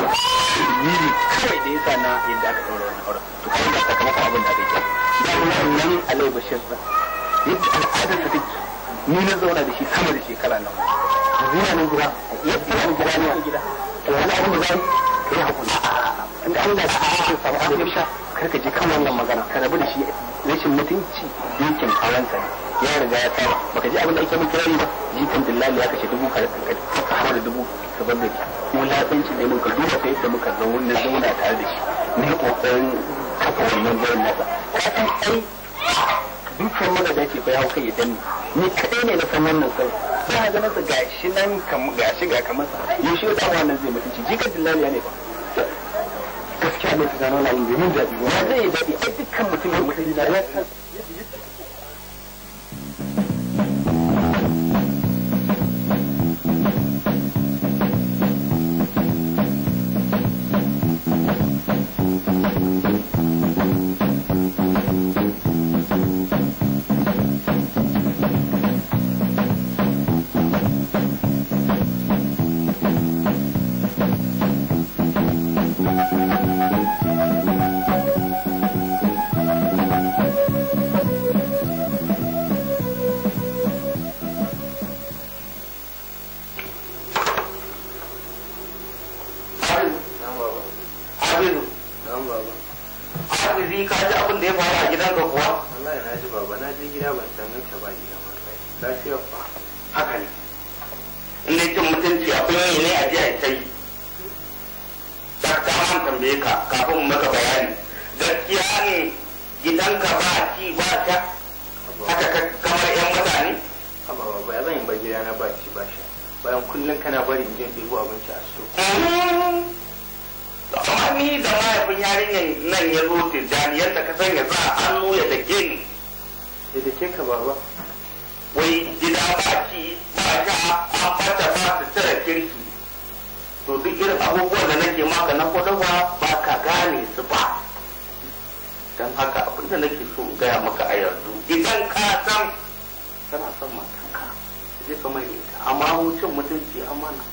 yiri kawai da ya sa na yadda aka ɗaura wani aure to kai ne ka kama abin da aka yi nan wannan alai bashir ba yadda al'adar ta take ni na zauna da shi sama da shekara nan zina nan gida yadda nan gida ne gida to wani abin da zai kai hakuri inda Allah ya sa ka samu abin da ya sha karka je kan wannan magana ka rabu da shi rashin mutunci dukin aurensa ya riga ya saba baka ji abin da ake mun kirari ba jikan dillali ya kashe dubu ka hawa da dubu ka bar da shi mulatsanci ne muka duba ta yadda muka zo wannan zauna tare da shi ne kokarin kafa wannan gurin nasa ka san ai dukkan mana da ke fa yawo kai ya danne ni kadai ne na san wannan sai ba ga nasa gashi nan kam gashi ga kamar sa shi da wannan zai mutunci jikan dillali ne ba gaskiya ne ta zama na yin daɗi ba zai daɗi kan mutum da mutum na ya haka ne in dai cin mutunci abin yi ne a jiya ita yi ta an tambaye ka kafin maka bayani gaskiya ne gidanka ba ci ba ta haka kamar yan mutane ba zan yi ba na ba ci ba sha bayan kullum kana bari in je ɗebo abinci a su mm-hmm. amma ni da mahaifin yarinyar nan ya zo tijjani yadda ka sanya za a hannu ya dake ni da dake ka baba wai gida ba ci ba sha an bata ba su tara kirki to duk irin abubuwan da nake maka na kwadawa ba ka gane su ba don haka abin da nake so gaya maka a yanzu idan ka san kana son matanka zai ka yi ita amma wucin mutunci amana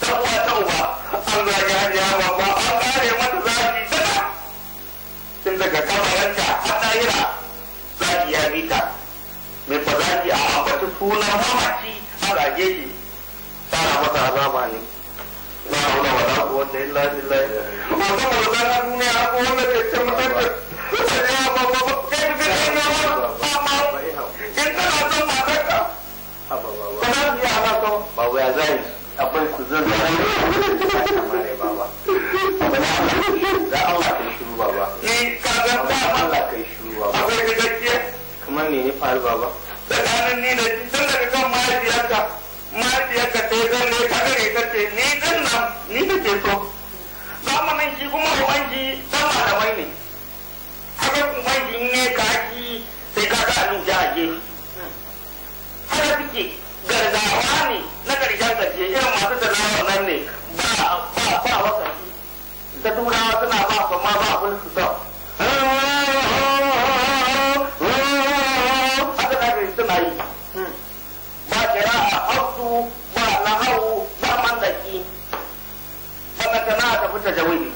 dan watan ba an zage hajiya ba ba an gane mata zafi ta. tun daga kamaranta a tsayira zafi ya bi ta mai ba za ki a ambaci sunan mamaci a zage shi tsara mata azaba ne za a wuna ko wata illa ta duniya ko wanda ke ce ta ce ya ba ba ba in ba yi ba kamar me ya faru ba ba tsakanin ni da tun daga kan mahaifiyarka mahaifiyarka ta yi zan ne ka gare ta ce ni din nan ni da ke so ba nan shi kuma ubangi ma da mai ne haka ubangi ne ka ki sai ka ga nun ja je haka suke gargawa ne na karshen karshe irin masu da talawa nan ne ba ba ba wasa da turawa suna ba su ma ba fulsu sau na tafi ta jawabi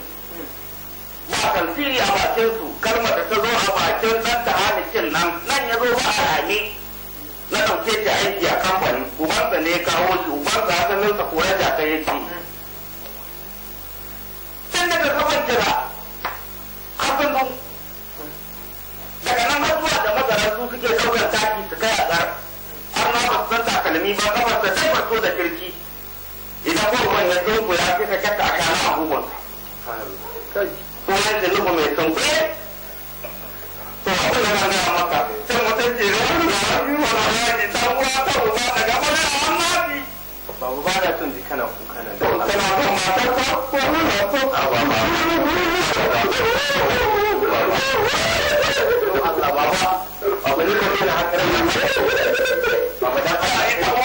ba tafsiri a bakin su kalmar da ta zo a bakin dan ta cin nan nan ya zo ba yi na ɗauke ta aiki a kamfani ubansa ne ya kawo shi ubansa asalin sa koyar da yi yake tun daga kafan a kafin bu daga nan har zuwa da mazarar su suke ɗaukar taki su kai a tsar har ma ba su san takalmi ba kafar ta sai da kirki idan kurban ya tunkula sai ka kasa a kama abubuwan ko yadda nufa mai tunkule to abin da zan gaya maka sai mutum ke da wani da wani wani yaji ta kura ta uba daga wani a wani babu ba da son ji kana kuka nan da wani kana son matar ta ko wani ya to a ba ma Allah baba abu ne ka kai da hankalin nan baba dan Allah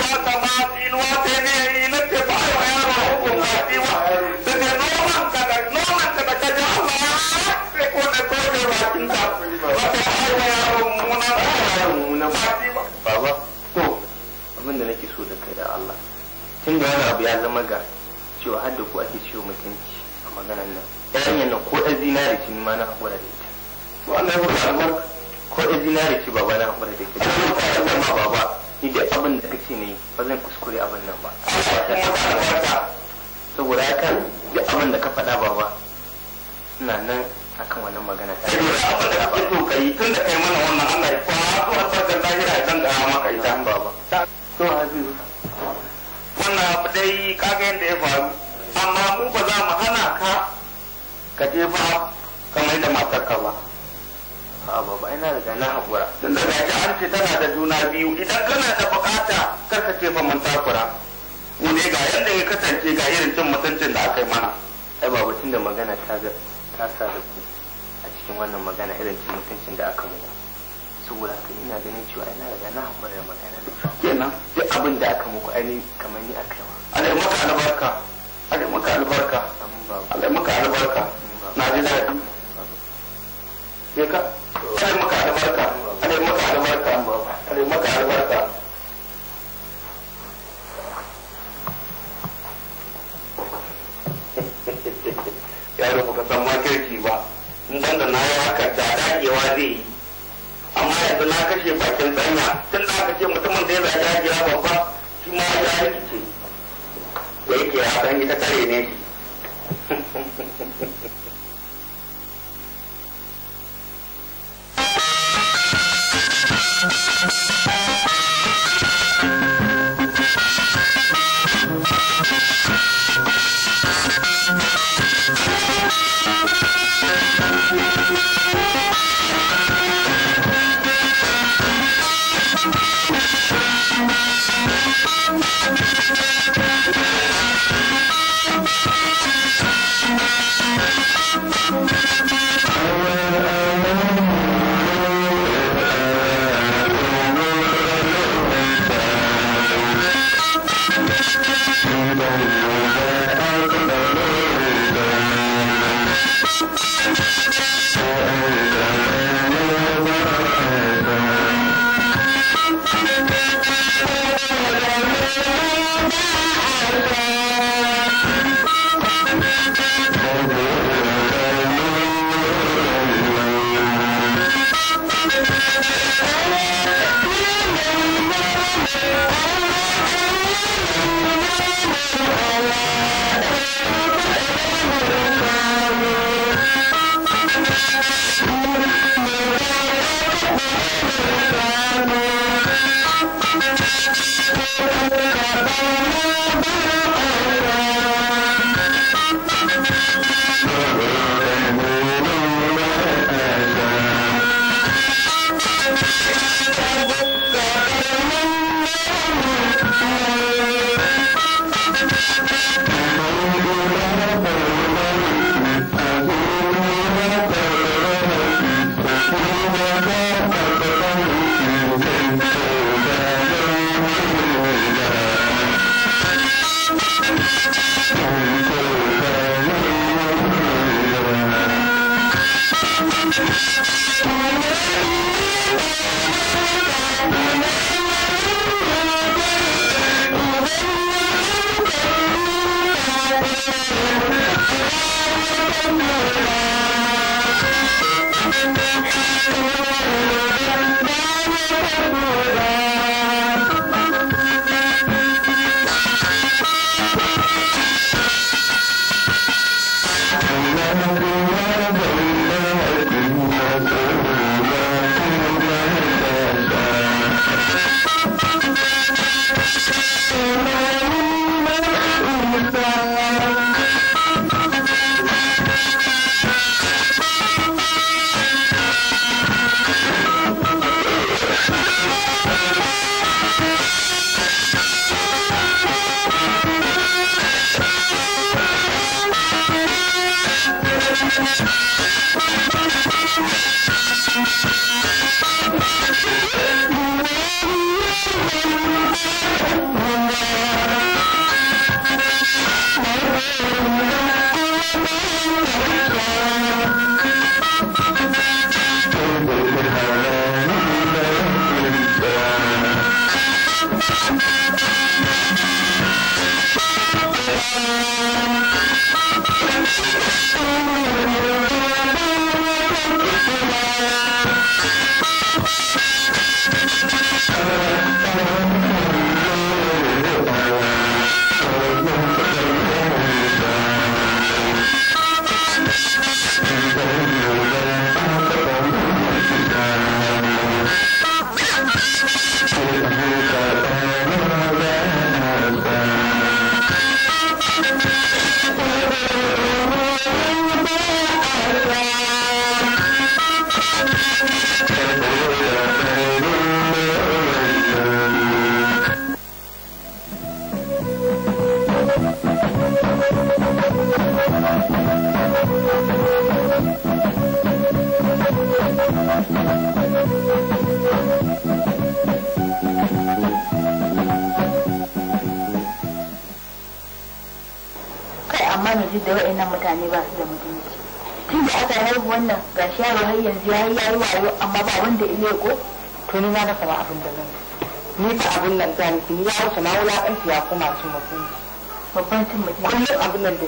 so da kai da Allah tun da yana abu ya zama ga cewa har da ku ake cewa mutunci a maganar nan ɗayan yana ko ɗan zinari ce ma na haƙura da ita ko Allah ya haƙura ko ɗan zinari ce ba na haƙura da ita ko ɗan ma baba ni da abin da kace ne ba zan kuskure abin nan ba saboda haka da abin da ka faɗa ba ba ina nan akan wannan magana ta yi abin da kake to kai tun da kai mana wannan Allah ya fara zuwa sarkar lahira ya zanga maka ita ba ba to hafizu wannan abu dai kaga yadda ya faru amma mu ba za mu hana ka ka je ba kamar da matarka ba ba ina da na hakura tun da gaji an ce tana da juna biyu idan kana da bukata kar ka ce fa mun takura mu ne ga yadda ya kasance ga irin cin mutuncin da aka yi mana ai ba tun da magana ta sa da ku a cikin wannan magana irin cin mutuncin da aka mana saboda haka ina ganin cewa ina riga na hakura da magana kenan duk abin da aka muku aini kamar ni aka yi wa. alai maka albarka alai maka albarka alai maka albarka na ji daɗi ke ka alai maka albarka alai maka albarka alai maka albarka yaro baka san ma ba in da na yi haka da daɗewa zai yi amma yanzu na kashe bakin tsanya tun da aka ce mutumin da ya zaga ya babba shi ma ya rikice da yake ya san kare ne shi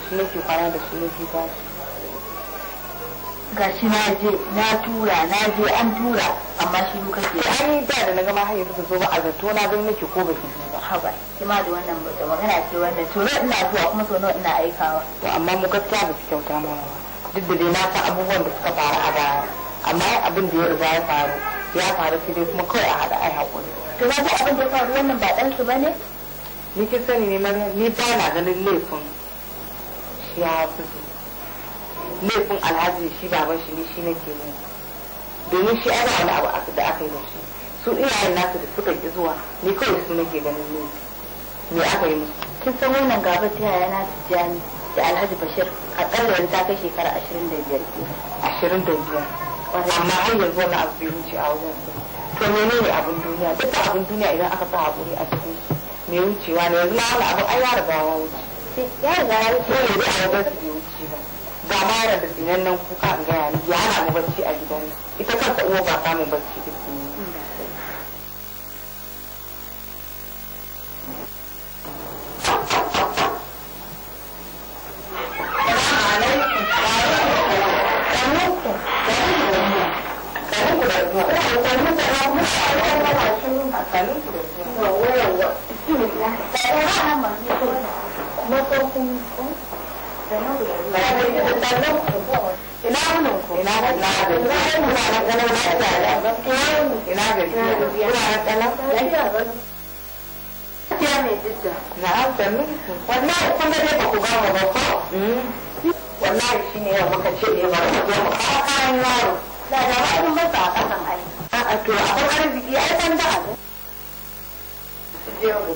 su nake kwana da su nake ba su gashi na je na tura na je an tura amma shi duka ke da an da da na gama har yanzu zo ba a zato na gani nake ko baki ba ha ba kima da wannan da magana ce wannan to ina zuwa kuma to ina aikawa to amma mu gaskiya ba su kyauta ma. ba duk da dai na ta abubuwan da suka faru a baya amma abin da ya riga ya faru ya faru shi dai kuma kawai a haɗa ai haƙuri to na ji abin da ya faru wannan ba ɗansu ba ne ni kin sani ne ni ba na ganin laifin ya fito laifin alhaji shi baban shi ne shi ke ne domin shi ana wani abu da aka yi da shi su iyayen nasu da suka ki zuwa ni kawai su nake ganin ne me aka yi musu kin san wannan gaba ta yaya na tijjani da alhaji bashir a ƙallarin ta kai shekara ashirin da biyar ashirin da biyar amma har yanzu wani abu bai wuce a wajen su to mene ne abin duniya duk abin duniya idan aka sa haƙuri a cikin shi mai wucewa ne yanzu na wani abu ai ya riga ya wuce ya riga ya wuce ne da ya wuce ba ga mara da sinannen kuka an gaya ni ya hana bacci a gidan ita kanta uwa ba samun bacci da su Thank you. na farko ko da na ina wannan ko ina da ina da ina Ina mu na ganin lafiya da ina da ina da ina da lafiya ba lafiya ne Ina na afsani wallahi kun ga Ina ba ku gama ba ko wallahi shine ya muka ce ne Ina ku gama ka kan yaro Ina da wani masa a kasan Ina a'a to a kan arziki Ina ban da abu Thank you.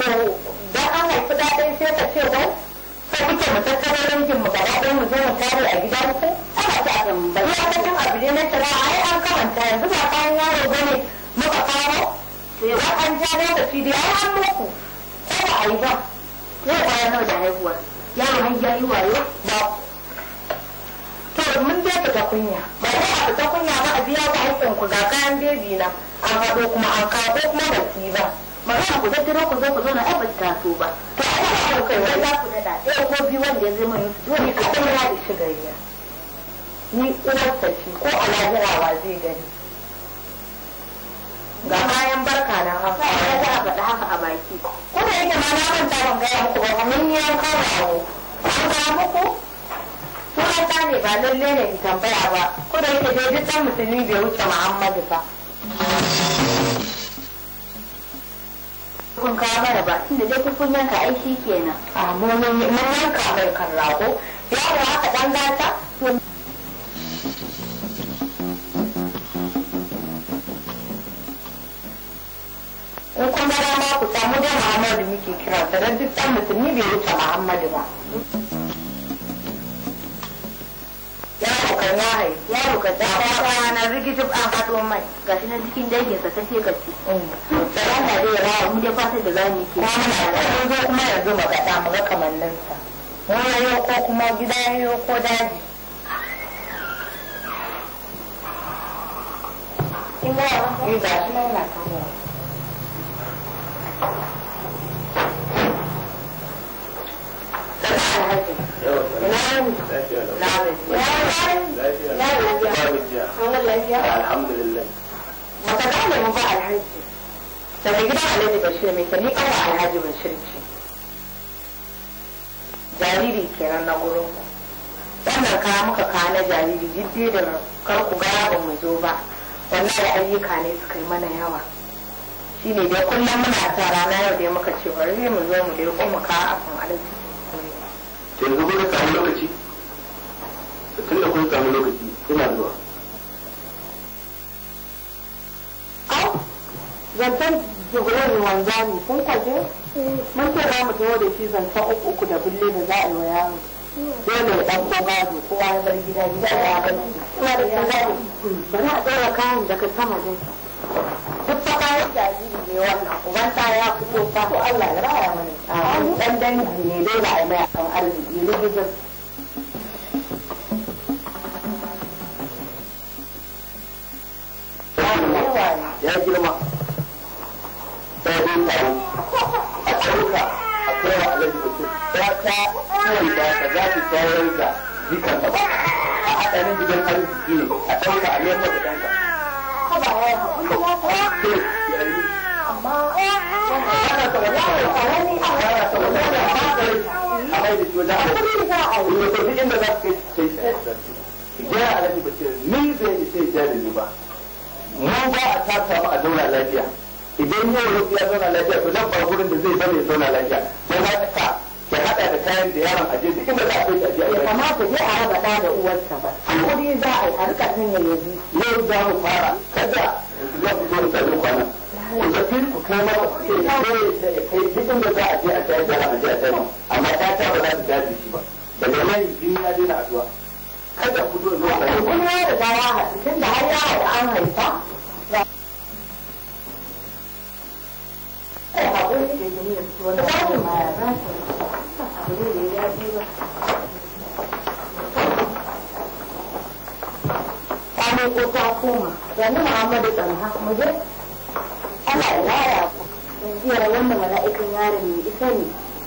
to da an haifi daɗin sai ka ce wai sai kuke mu tattara dangin mu gaba ɗaya mu zo mu tare a gidan ku ana ta abin ba ya cikin abu ne na shari'a ai an kamanta yanzu ba kayan yaro bane muka kawo ba an ja lokaci da ya an muku ko ba a yi ba yau ya nawa da haihuwa yaro har ya yi wayo ba to mun dai fita kunya ba dai a fita kunya ba a biya ku haƙƙin ku ga kayan bebi na an haɗo kuma an kawo ko kuma ba ba magana ku zaddaro ku zo ku zo na ai ba taso ba to ai ba ku kai wai za ku nada ɗaya ko biyu wanda ya zama yin dole a kai ya ishi gariya ni uwarsa ce ko a lahirawa zai gani ga bayan barka na haka ya za a haka a baki ko da yake ma na manta ban gaya muku ba mun yi kawo rawo an ga muku sunanta ne ba lalle ne in tambaya ba ko da yake dai duk musulmi bai wuce muhammadu ba kun kawo mana ba tunda dai kun kun yanka ai shi kenan a mun yanka mai kan rago yaro haka dan gata to in kun gara ma ku samu da Muhammadu muke kira sa dan duk dan musulmi bai wuce Muhammadu ba kan ya hai ya buka da ta na an mai ga shi na cikin danginsa ta ce ka ci mm. da ran da zai rawa mu dai fatar da zamu ke kuma zo kuma yanzu mu ga mu ga kamannin sa ko kuma gida yau ko daji ina shi alhamdulillah mata da mu ba alhaji daga gida alhaji bashir mai kani kawo alhaji bashir ce jariri kenan na gurin ku wannan muka kawo na jariri jiddi da kar ku gara ba mu zo ba wannan da ayyuka ne suka yi mana yawa shine dai kullum muna sa rana yau dai muka cewa bari mu zo mu dai mu ka a kan alhaji yanzu kuka samu lokaci da tun da kun samu lokaci suna zuwa zancen jibirin wanzani kun kwaje mun ce za mu tawo da shi zancen uku uku da bulle da za a yi wa yaro dole ya ɗauko gado kowa ya bar gida gida ya bar ina da shi gado bari a ɗaura kayan daga sama dai duk fa kayan jariri ne wannan uban ta ya fito ta ko Allah ya raya mana a dan dangi ne dole a mai kan arziki rigijin ya girma ta yi taro a tsaruka a kowa a lalji mutum ta ta ciwon ba ta za ta shawar da jikan ta ba a haɗarin gidan arziki ne a tsaruka a neman da ɗanka ni da ya ce ba mu ba a tasa a zauna lafiya idan yau ya zauna lafiya to nan ba gurin da zai zama ya zauna lafiya don haka ya hada da kayan da yaron aje duk inda za a kai shi aje ya kamata ya a raba da da uwarsa ba hakuri za a yi a rika sanya yaji yau za mu fara kada za ku zo da kwana ku zafi ku kai mata ku ce kai duk inda za a je a kai yaron aje a kai amma ta ta ba za ta dace shi ba daga nan jini ya daina addu'a kada ku zo zuwa da kwana. Kuma ya riga ya haɗu tun da har ya haɗu an haifa. abin ya ko yanzu muhammadu mu je ana lara ku yanzu yara wanda mala'ikan yaron ne isa ne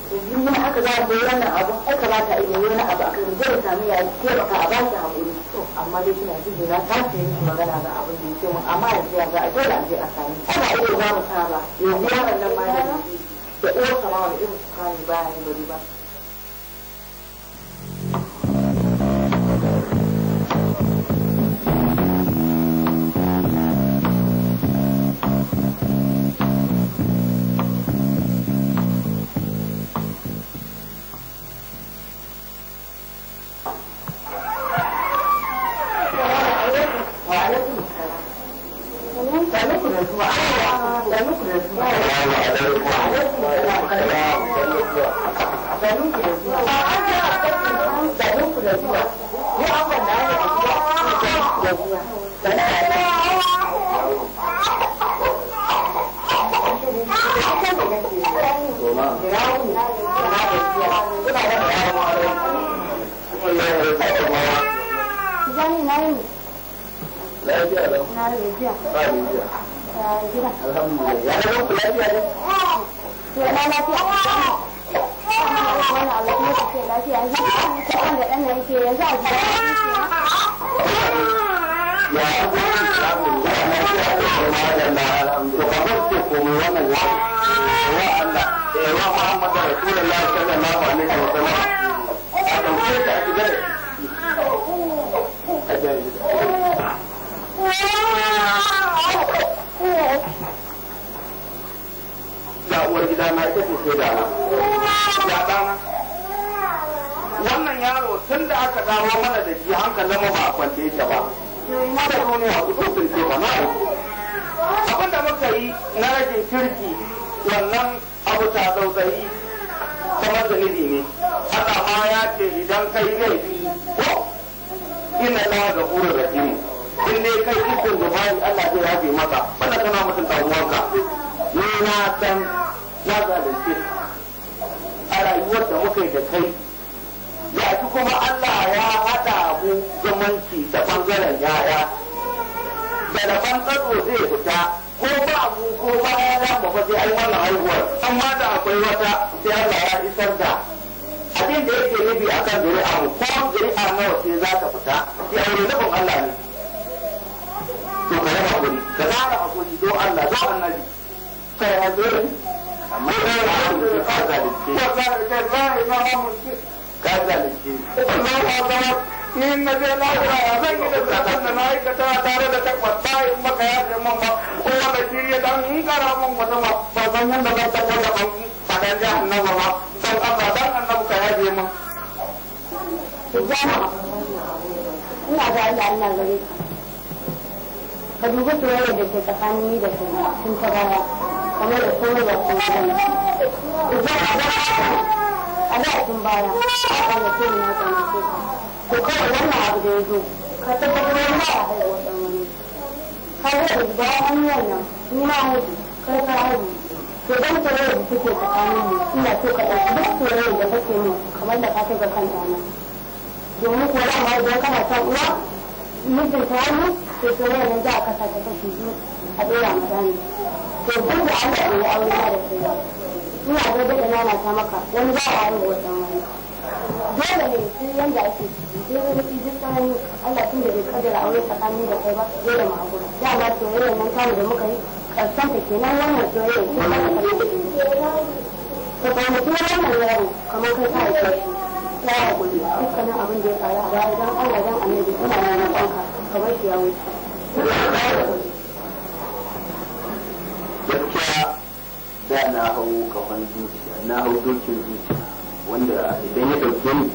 yanzu ne aka za a bai wannan abun aka ba ta iya wani abu aka zai sami ya ce baka a ba shi haƙuri amma dai kina ji na ta ce miki magana ga abin da yake mu amma yanzu ya za a dole a je a sami ko ba ido za mu saba yanzu yaron nan ma da da uwar kama wani irin su kani ba ya yi ba da Allah gare ka ka dubi da ke tsakanin yi da su tun ta baya kamar da komai da komai da idan a da a da sun baya a kwanace ne na kwanace ka to kawai wannan abu da ya zo ka tabbatar da ba a haihuwa ɗan wani ka zo da an yi ni ma mutu kai ka haihu to dan soyayya da take tsakanin ina so ka ɗauki duk soyayya da kake min kamar da ka kai ga kanta na domin kuwa dama idan kana son uwa mijin ta yi to wani wannan za a kasa ta kashi biyu a dora magana to duk da an bai yi aure da kowa ina ga da ina na ta maka wani za a aure da wata wani dole ne sai yanda ake ciki sai wani kiji tsani Allah tun da bai kaddara aure tsakanin da kai ba dole mu hakura dama to yayin nan kamu da muka yi karshen ta kenan wannan to yayin kuma ta karshen ta kenan to kuma wannan yaro kamar kai ta haife shi ya haƙuri dukkanin abin da ya faru a baya don Allah don annabi ina na na ɗanka ka bar shi ya wuce. Gaskiya da na hau kafan zuciya na hau dokin zuciya wanda idan ya ɗauke ni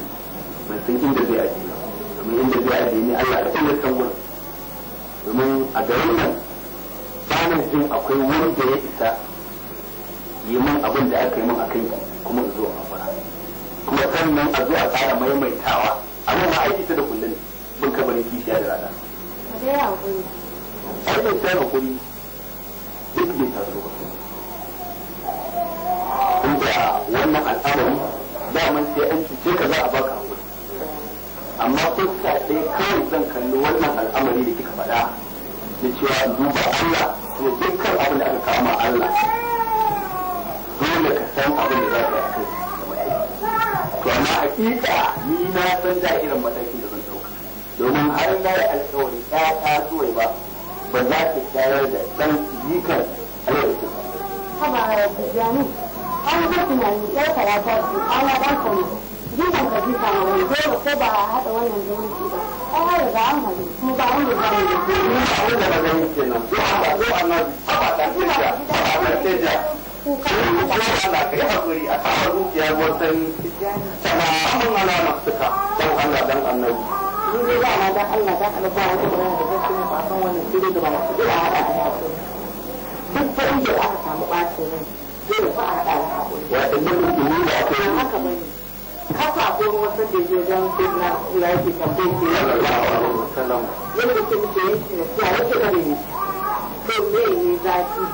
ban san inda zai aje ba domin inda zai aje ni Allah da inda san wurin domin a garin nan ba jin akwai wurin da ya isa yi min abin da aka yi min a kai kuma in zo a fara. kuma sannan a zo a tsara maimaitawa amma ma aiki ta da kullum bin ka bari kishiya da rana ai bai ta hakuri duk bai ta zo inda wannan al'amari daman sai an ce ka za a baka hakuri amma fuska ɗaya kawai zan kalli wannan al'amari da kika faɗa da cewa duba Allah to dukkan abin da aka kama Allah dole ka san abin da za ka yi a kai to amma hakika ni na san da irin matakin da zan dauka domin har na yi alkawari ta ta zuwa ba ba za ta tayar da dan yikan ayyukan haba tafiya jami an ga tunani ya karata su ana ba ka ne yikan ka ji sama wani dole ko ba a haɗa wannan zumunci ba an haɗa da an haɗu kuma ba wanda za mu ba wanda ba zan yi kenan zo a zo a nan haba ta teja haba ta kuka Allah ka hakuri a kawo dukiya ruwan sama amin ala masuka dan Allah dan annabi ni dai ba na dan Allah dan Allah ba wani da zai kuma ba san wani sai da ba ku da hada da duk da inda aka samu bacin rai dole ba a hada da hakuri wa dan da mutum ne ba ko haka bane haka ko wasu da ke dan sunna Allah yake tambaye ki sallallahu alaihi wasallam yadda kike yin shi ne ya yake kare ni to me ne zaki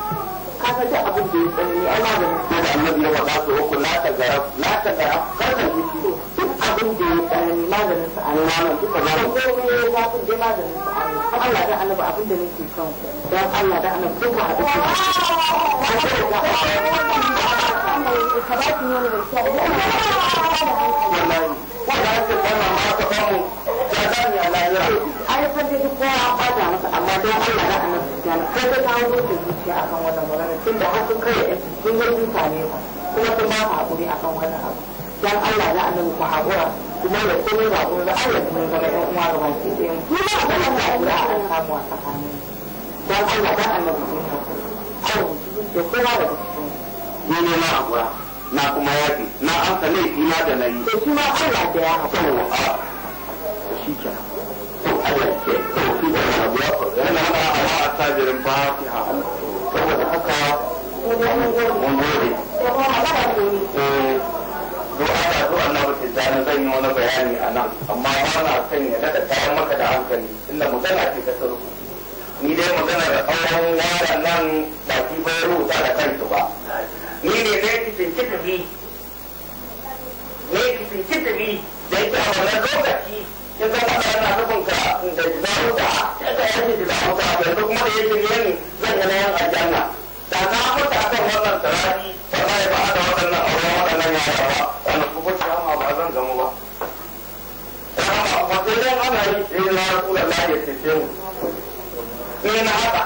ka san da abin da ya tsanani ai da ko da annabi ya faɗa to ku la ta garab la ta garab kar ka yi ciwo duk abin da ya tsanani da sa an yana duka ba ko me ya zafi je maganin da an Allah da annabi abin da nake son dan Allah da annabi duk ba da da Allah ya kowa ba da masa amma dan Allah gaskiya na kai ta kawo gurkin zuciya akan wannan magana tun da har sun kai da sun mutane ba kuma sun ba hakuri akan wannan abu dan Allah na annabi ku hakura kuma da komai ba ko da Allah kuma zama uwa ga baki ɗaya kuma akwai wanda hakura a samu a tsakanin dan Allah dan annabi ku hakura aure da kuma da cikin ne ne na hakura na kuma yafi na amsa laifi na da nayi to shi Allah da ya hakura a shi kenan ko Allah ya tajirin fatiha saboda haka mun gode do da zo annabi tijjani zan yi wani bayani a nan amma ba na son ya daɗa kayan maka da hankali inda magana ce ta sarku ni dai magana da tsawon da nan ba ki bai rubuta da kansu ba ni ne ne cikin kitabi ne cikin kitabi da yake a wannan lokaci in ka kasa yana nufin ka da zamuta sai ka yanke da zamuta yanzu kuma da yake yin zan yana yin aljanna da na mutu akan wannan tarafi ba za ba hada waɗannan auren waɗannan yara ba wanda kuma rahama ba zan gamu ba ba sai dan ana yi sai na rasul Allah ya cece mu ni na haka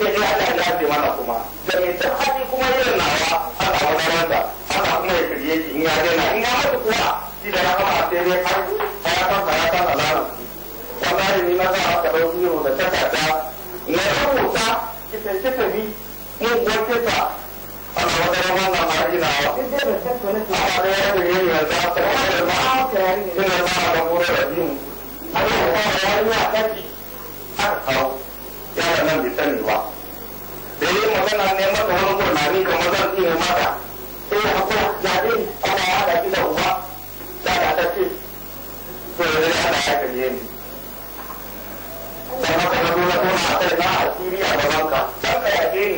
sai dai Allah ya lafi mana kuma da mai ta hali kuma irin nawa aka wadanta aka kuma ya kirye shi in ya daina in ya mutu kuwa shi da ya kama sai dai har ya kama ya kama lalan wallahi ni na sa aka dau biro da takarda ya rubuta kitan kitabi mun kuwa ta Allah wata rabon na ma'ajina wa. Amma da ya rage yin yanzu a tsakanin da ina za a dabura da biyu. Amma da ya a nan sani ba. da yi magana ne wani gurnani kamar zan mata sai ya hakura ya ɗin kuma ya haɗa shi da uba da ta ce to yanzu ne Allah ya kare ni sannan ka zo na tona a kai na asiri a gaban ka dan ka yaje ni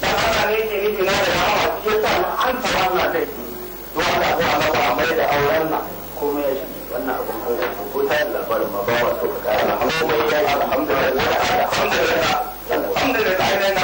dan Allah ne yake nufi na da rahama shi yasa na an ta wannan dai to Allah zai amsa a mai da auren nan komai ya shi wannan abun Allah ko ta labarin ma ba wa sauka alhamdulillah alhamdulillah alhamdulillah alhamdulillah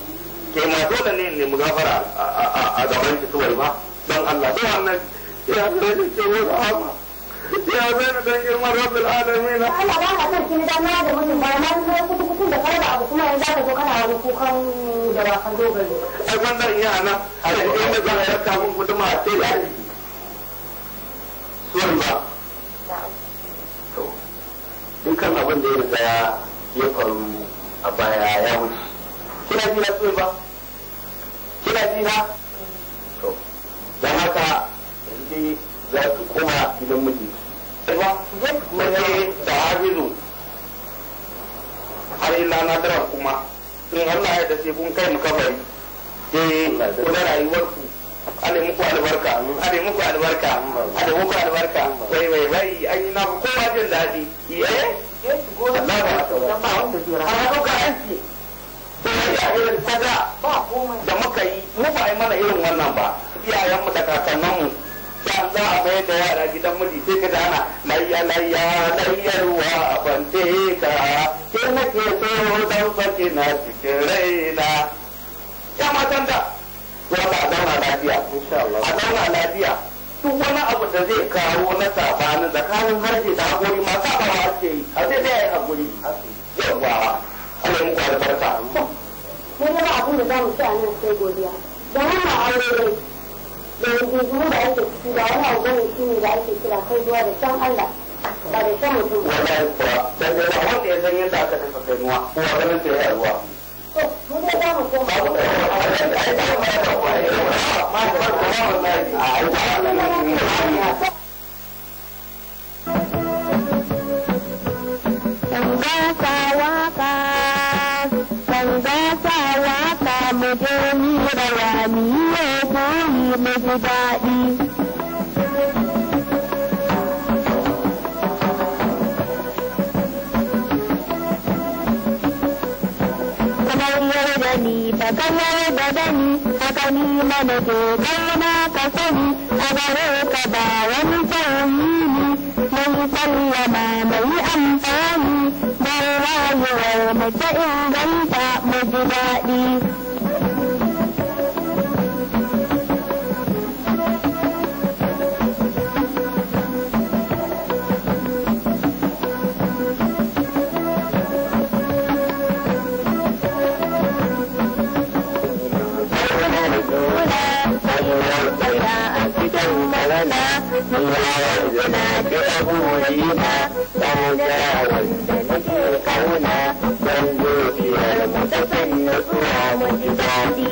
ke ma dole ne ne mugafara a gaban ki kawai ba dan Allah sai wannan ya zai da ke wani ama ya zai da dan girman rabbil alamin Allah ba ka san kin da na da mutum ba na san kutu kutu da kai da abu kuma yanzu ka zo kana wani kukan da ba kan dogaro ai wannan iya nan a cikin da za a yarka mun kuduma a sai ya yi suwai ba to dukkan abin da ya ya faru a baya ya wuce kina ji na ba kina ji to dan haka yanzu za ki koma gidan miji ba kuma ne da hafizu har ila na dara kuma in Allah ya dace kun kai mu kabari eh ku da rayuwar ku ale muku albarka ale muku albarka ale muku albarka wai wai wai an yi na kowa jin daɗi eh, eh. Allah ba ta ba har haka ka aiki sannan da irin ta da muka yi mu ba yi mana irin wannan ba iyayenmu da kakanninmu da za a mai da yara gidan miji sai ka dana layya layya layyarwa a bance ka ke nake so dan sake na cikin raina ya matan da wanda a zauna lafiya a lafiya duk wani abu da zai kawo na sabanin tsakanin harshe da hakuri masu abawa ake a zai da hakuri yawa Allah ya muku albarka mu ga ba abin da za mu ci a nan sai godiya da wannan aure ne da rigingimu da ake ciki da wani abu shi ne da ake kira kai zuwa da san Allah ba da san mutum ba wallahi kuwa dan da wanda ya san yadda aka tafi kai nuwa ko ga nan sai yarwa to mu dai za mu koma ba da ai ba ma da kwai ma da da wallahi ai ba da Waka waka na daɗi. Kamar da ni ba kamar da gani haka ni mana ke gana ka sani a gare ka ba wani tsayi ne mun sallama mai Kulawar da aburina ta zawon da nake kauna don zuciyar mu ta sannu zuwa mu ji daɗi.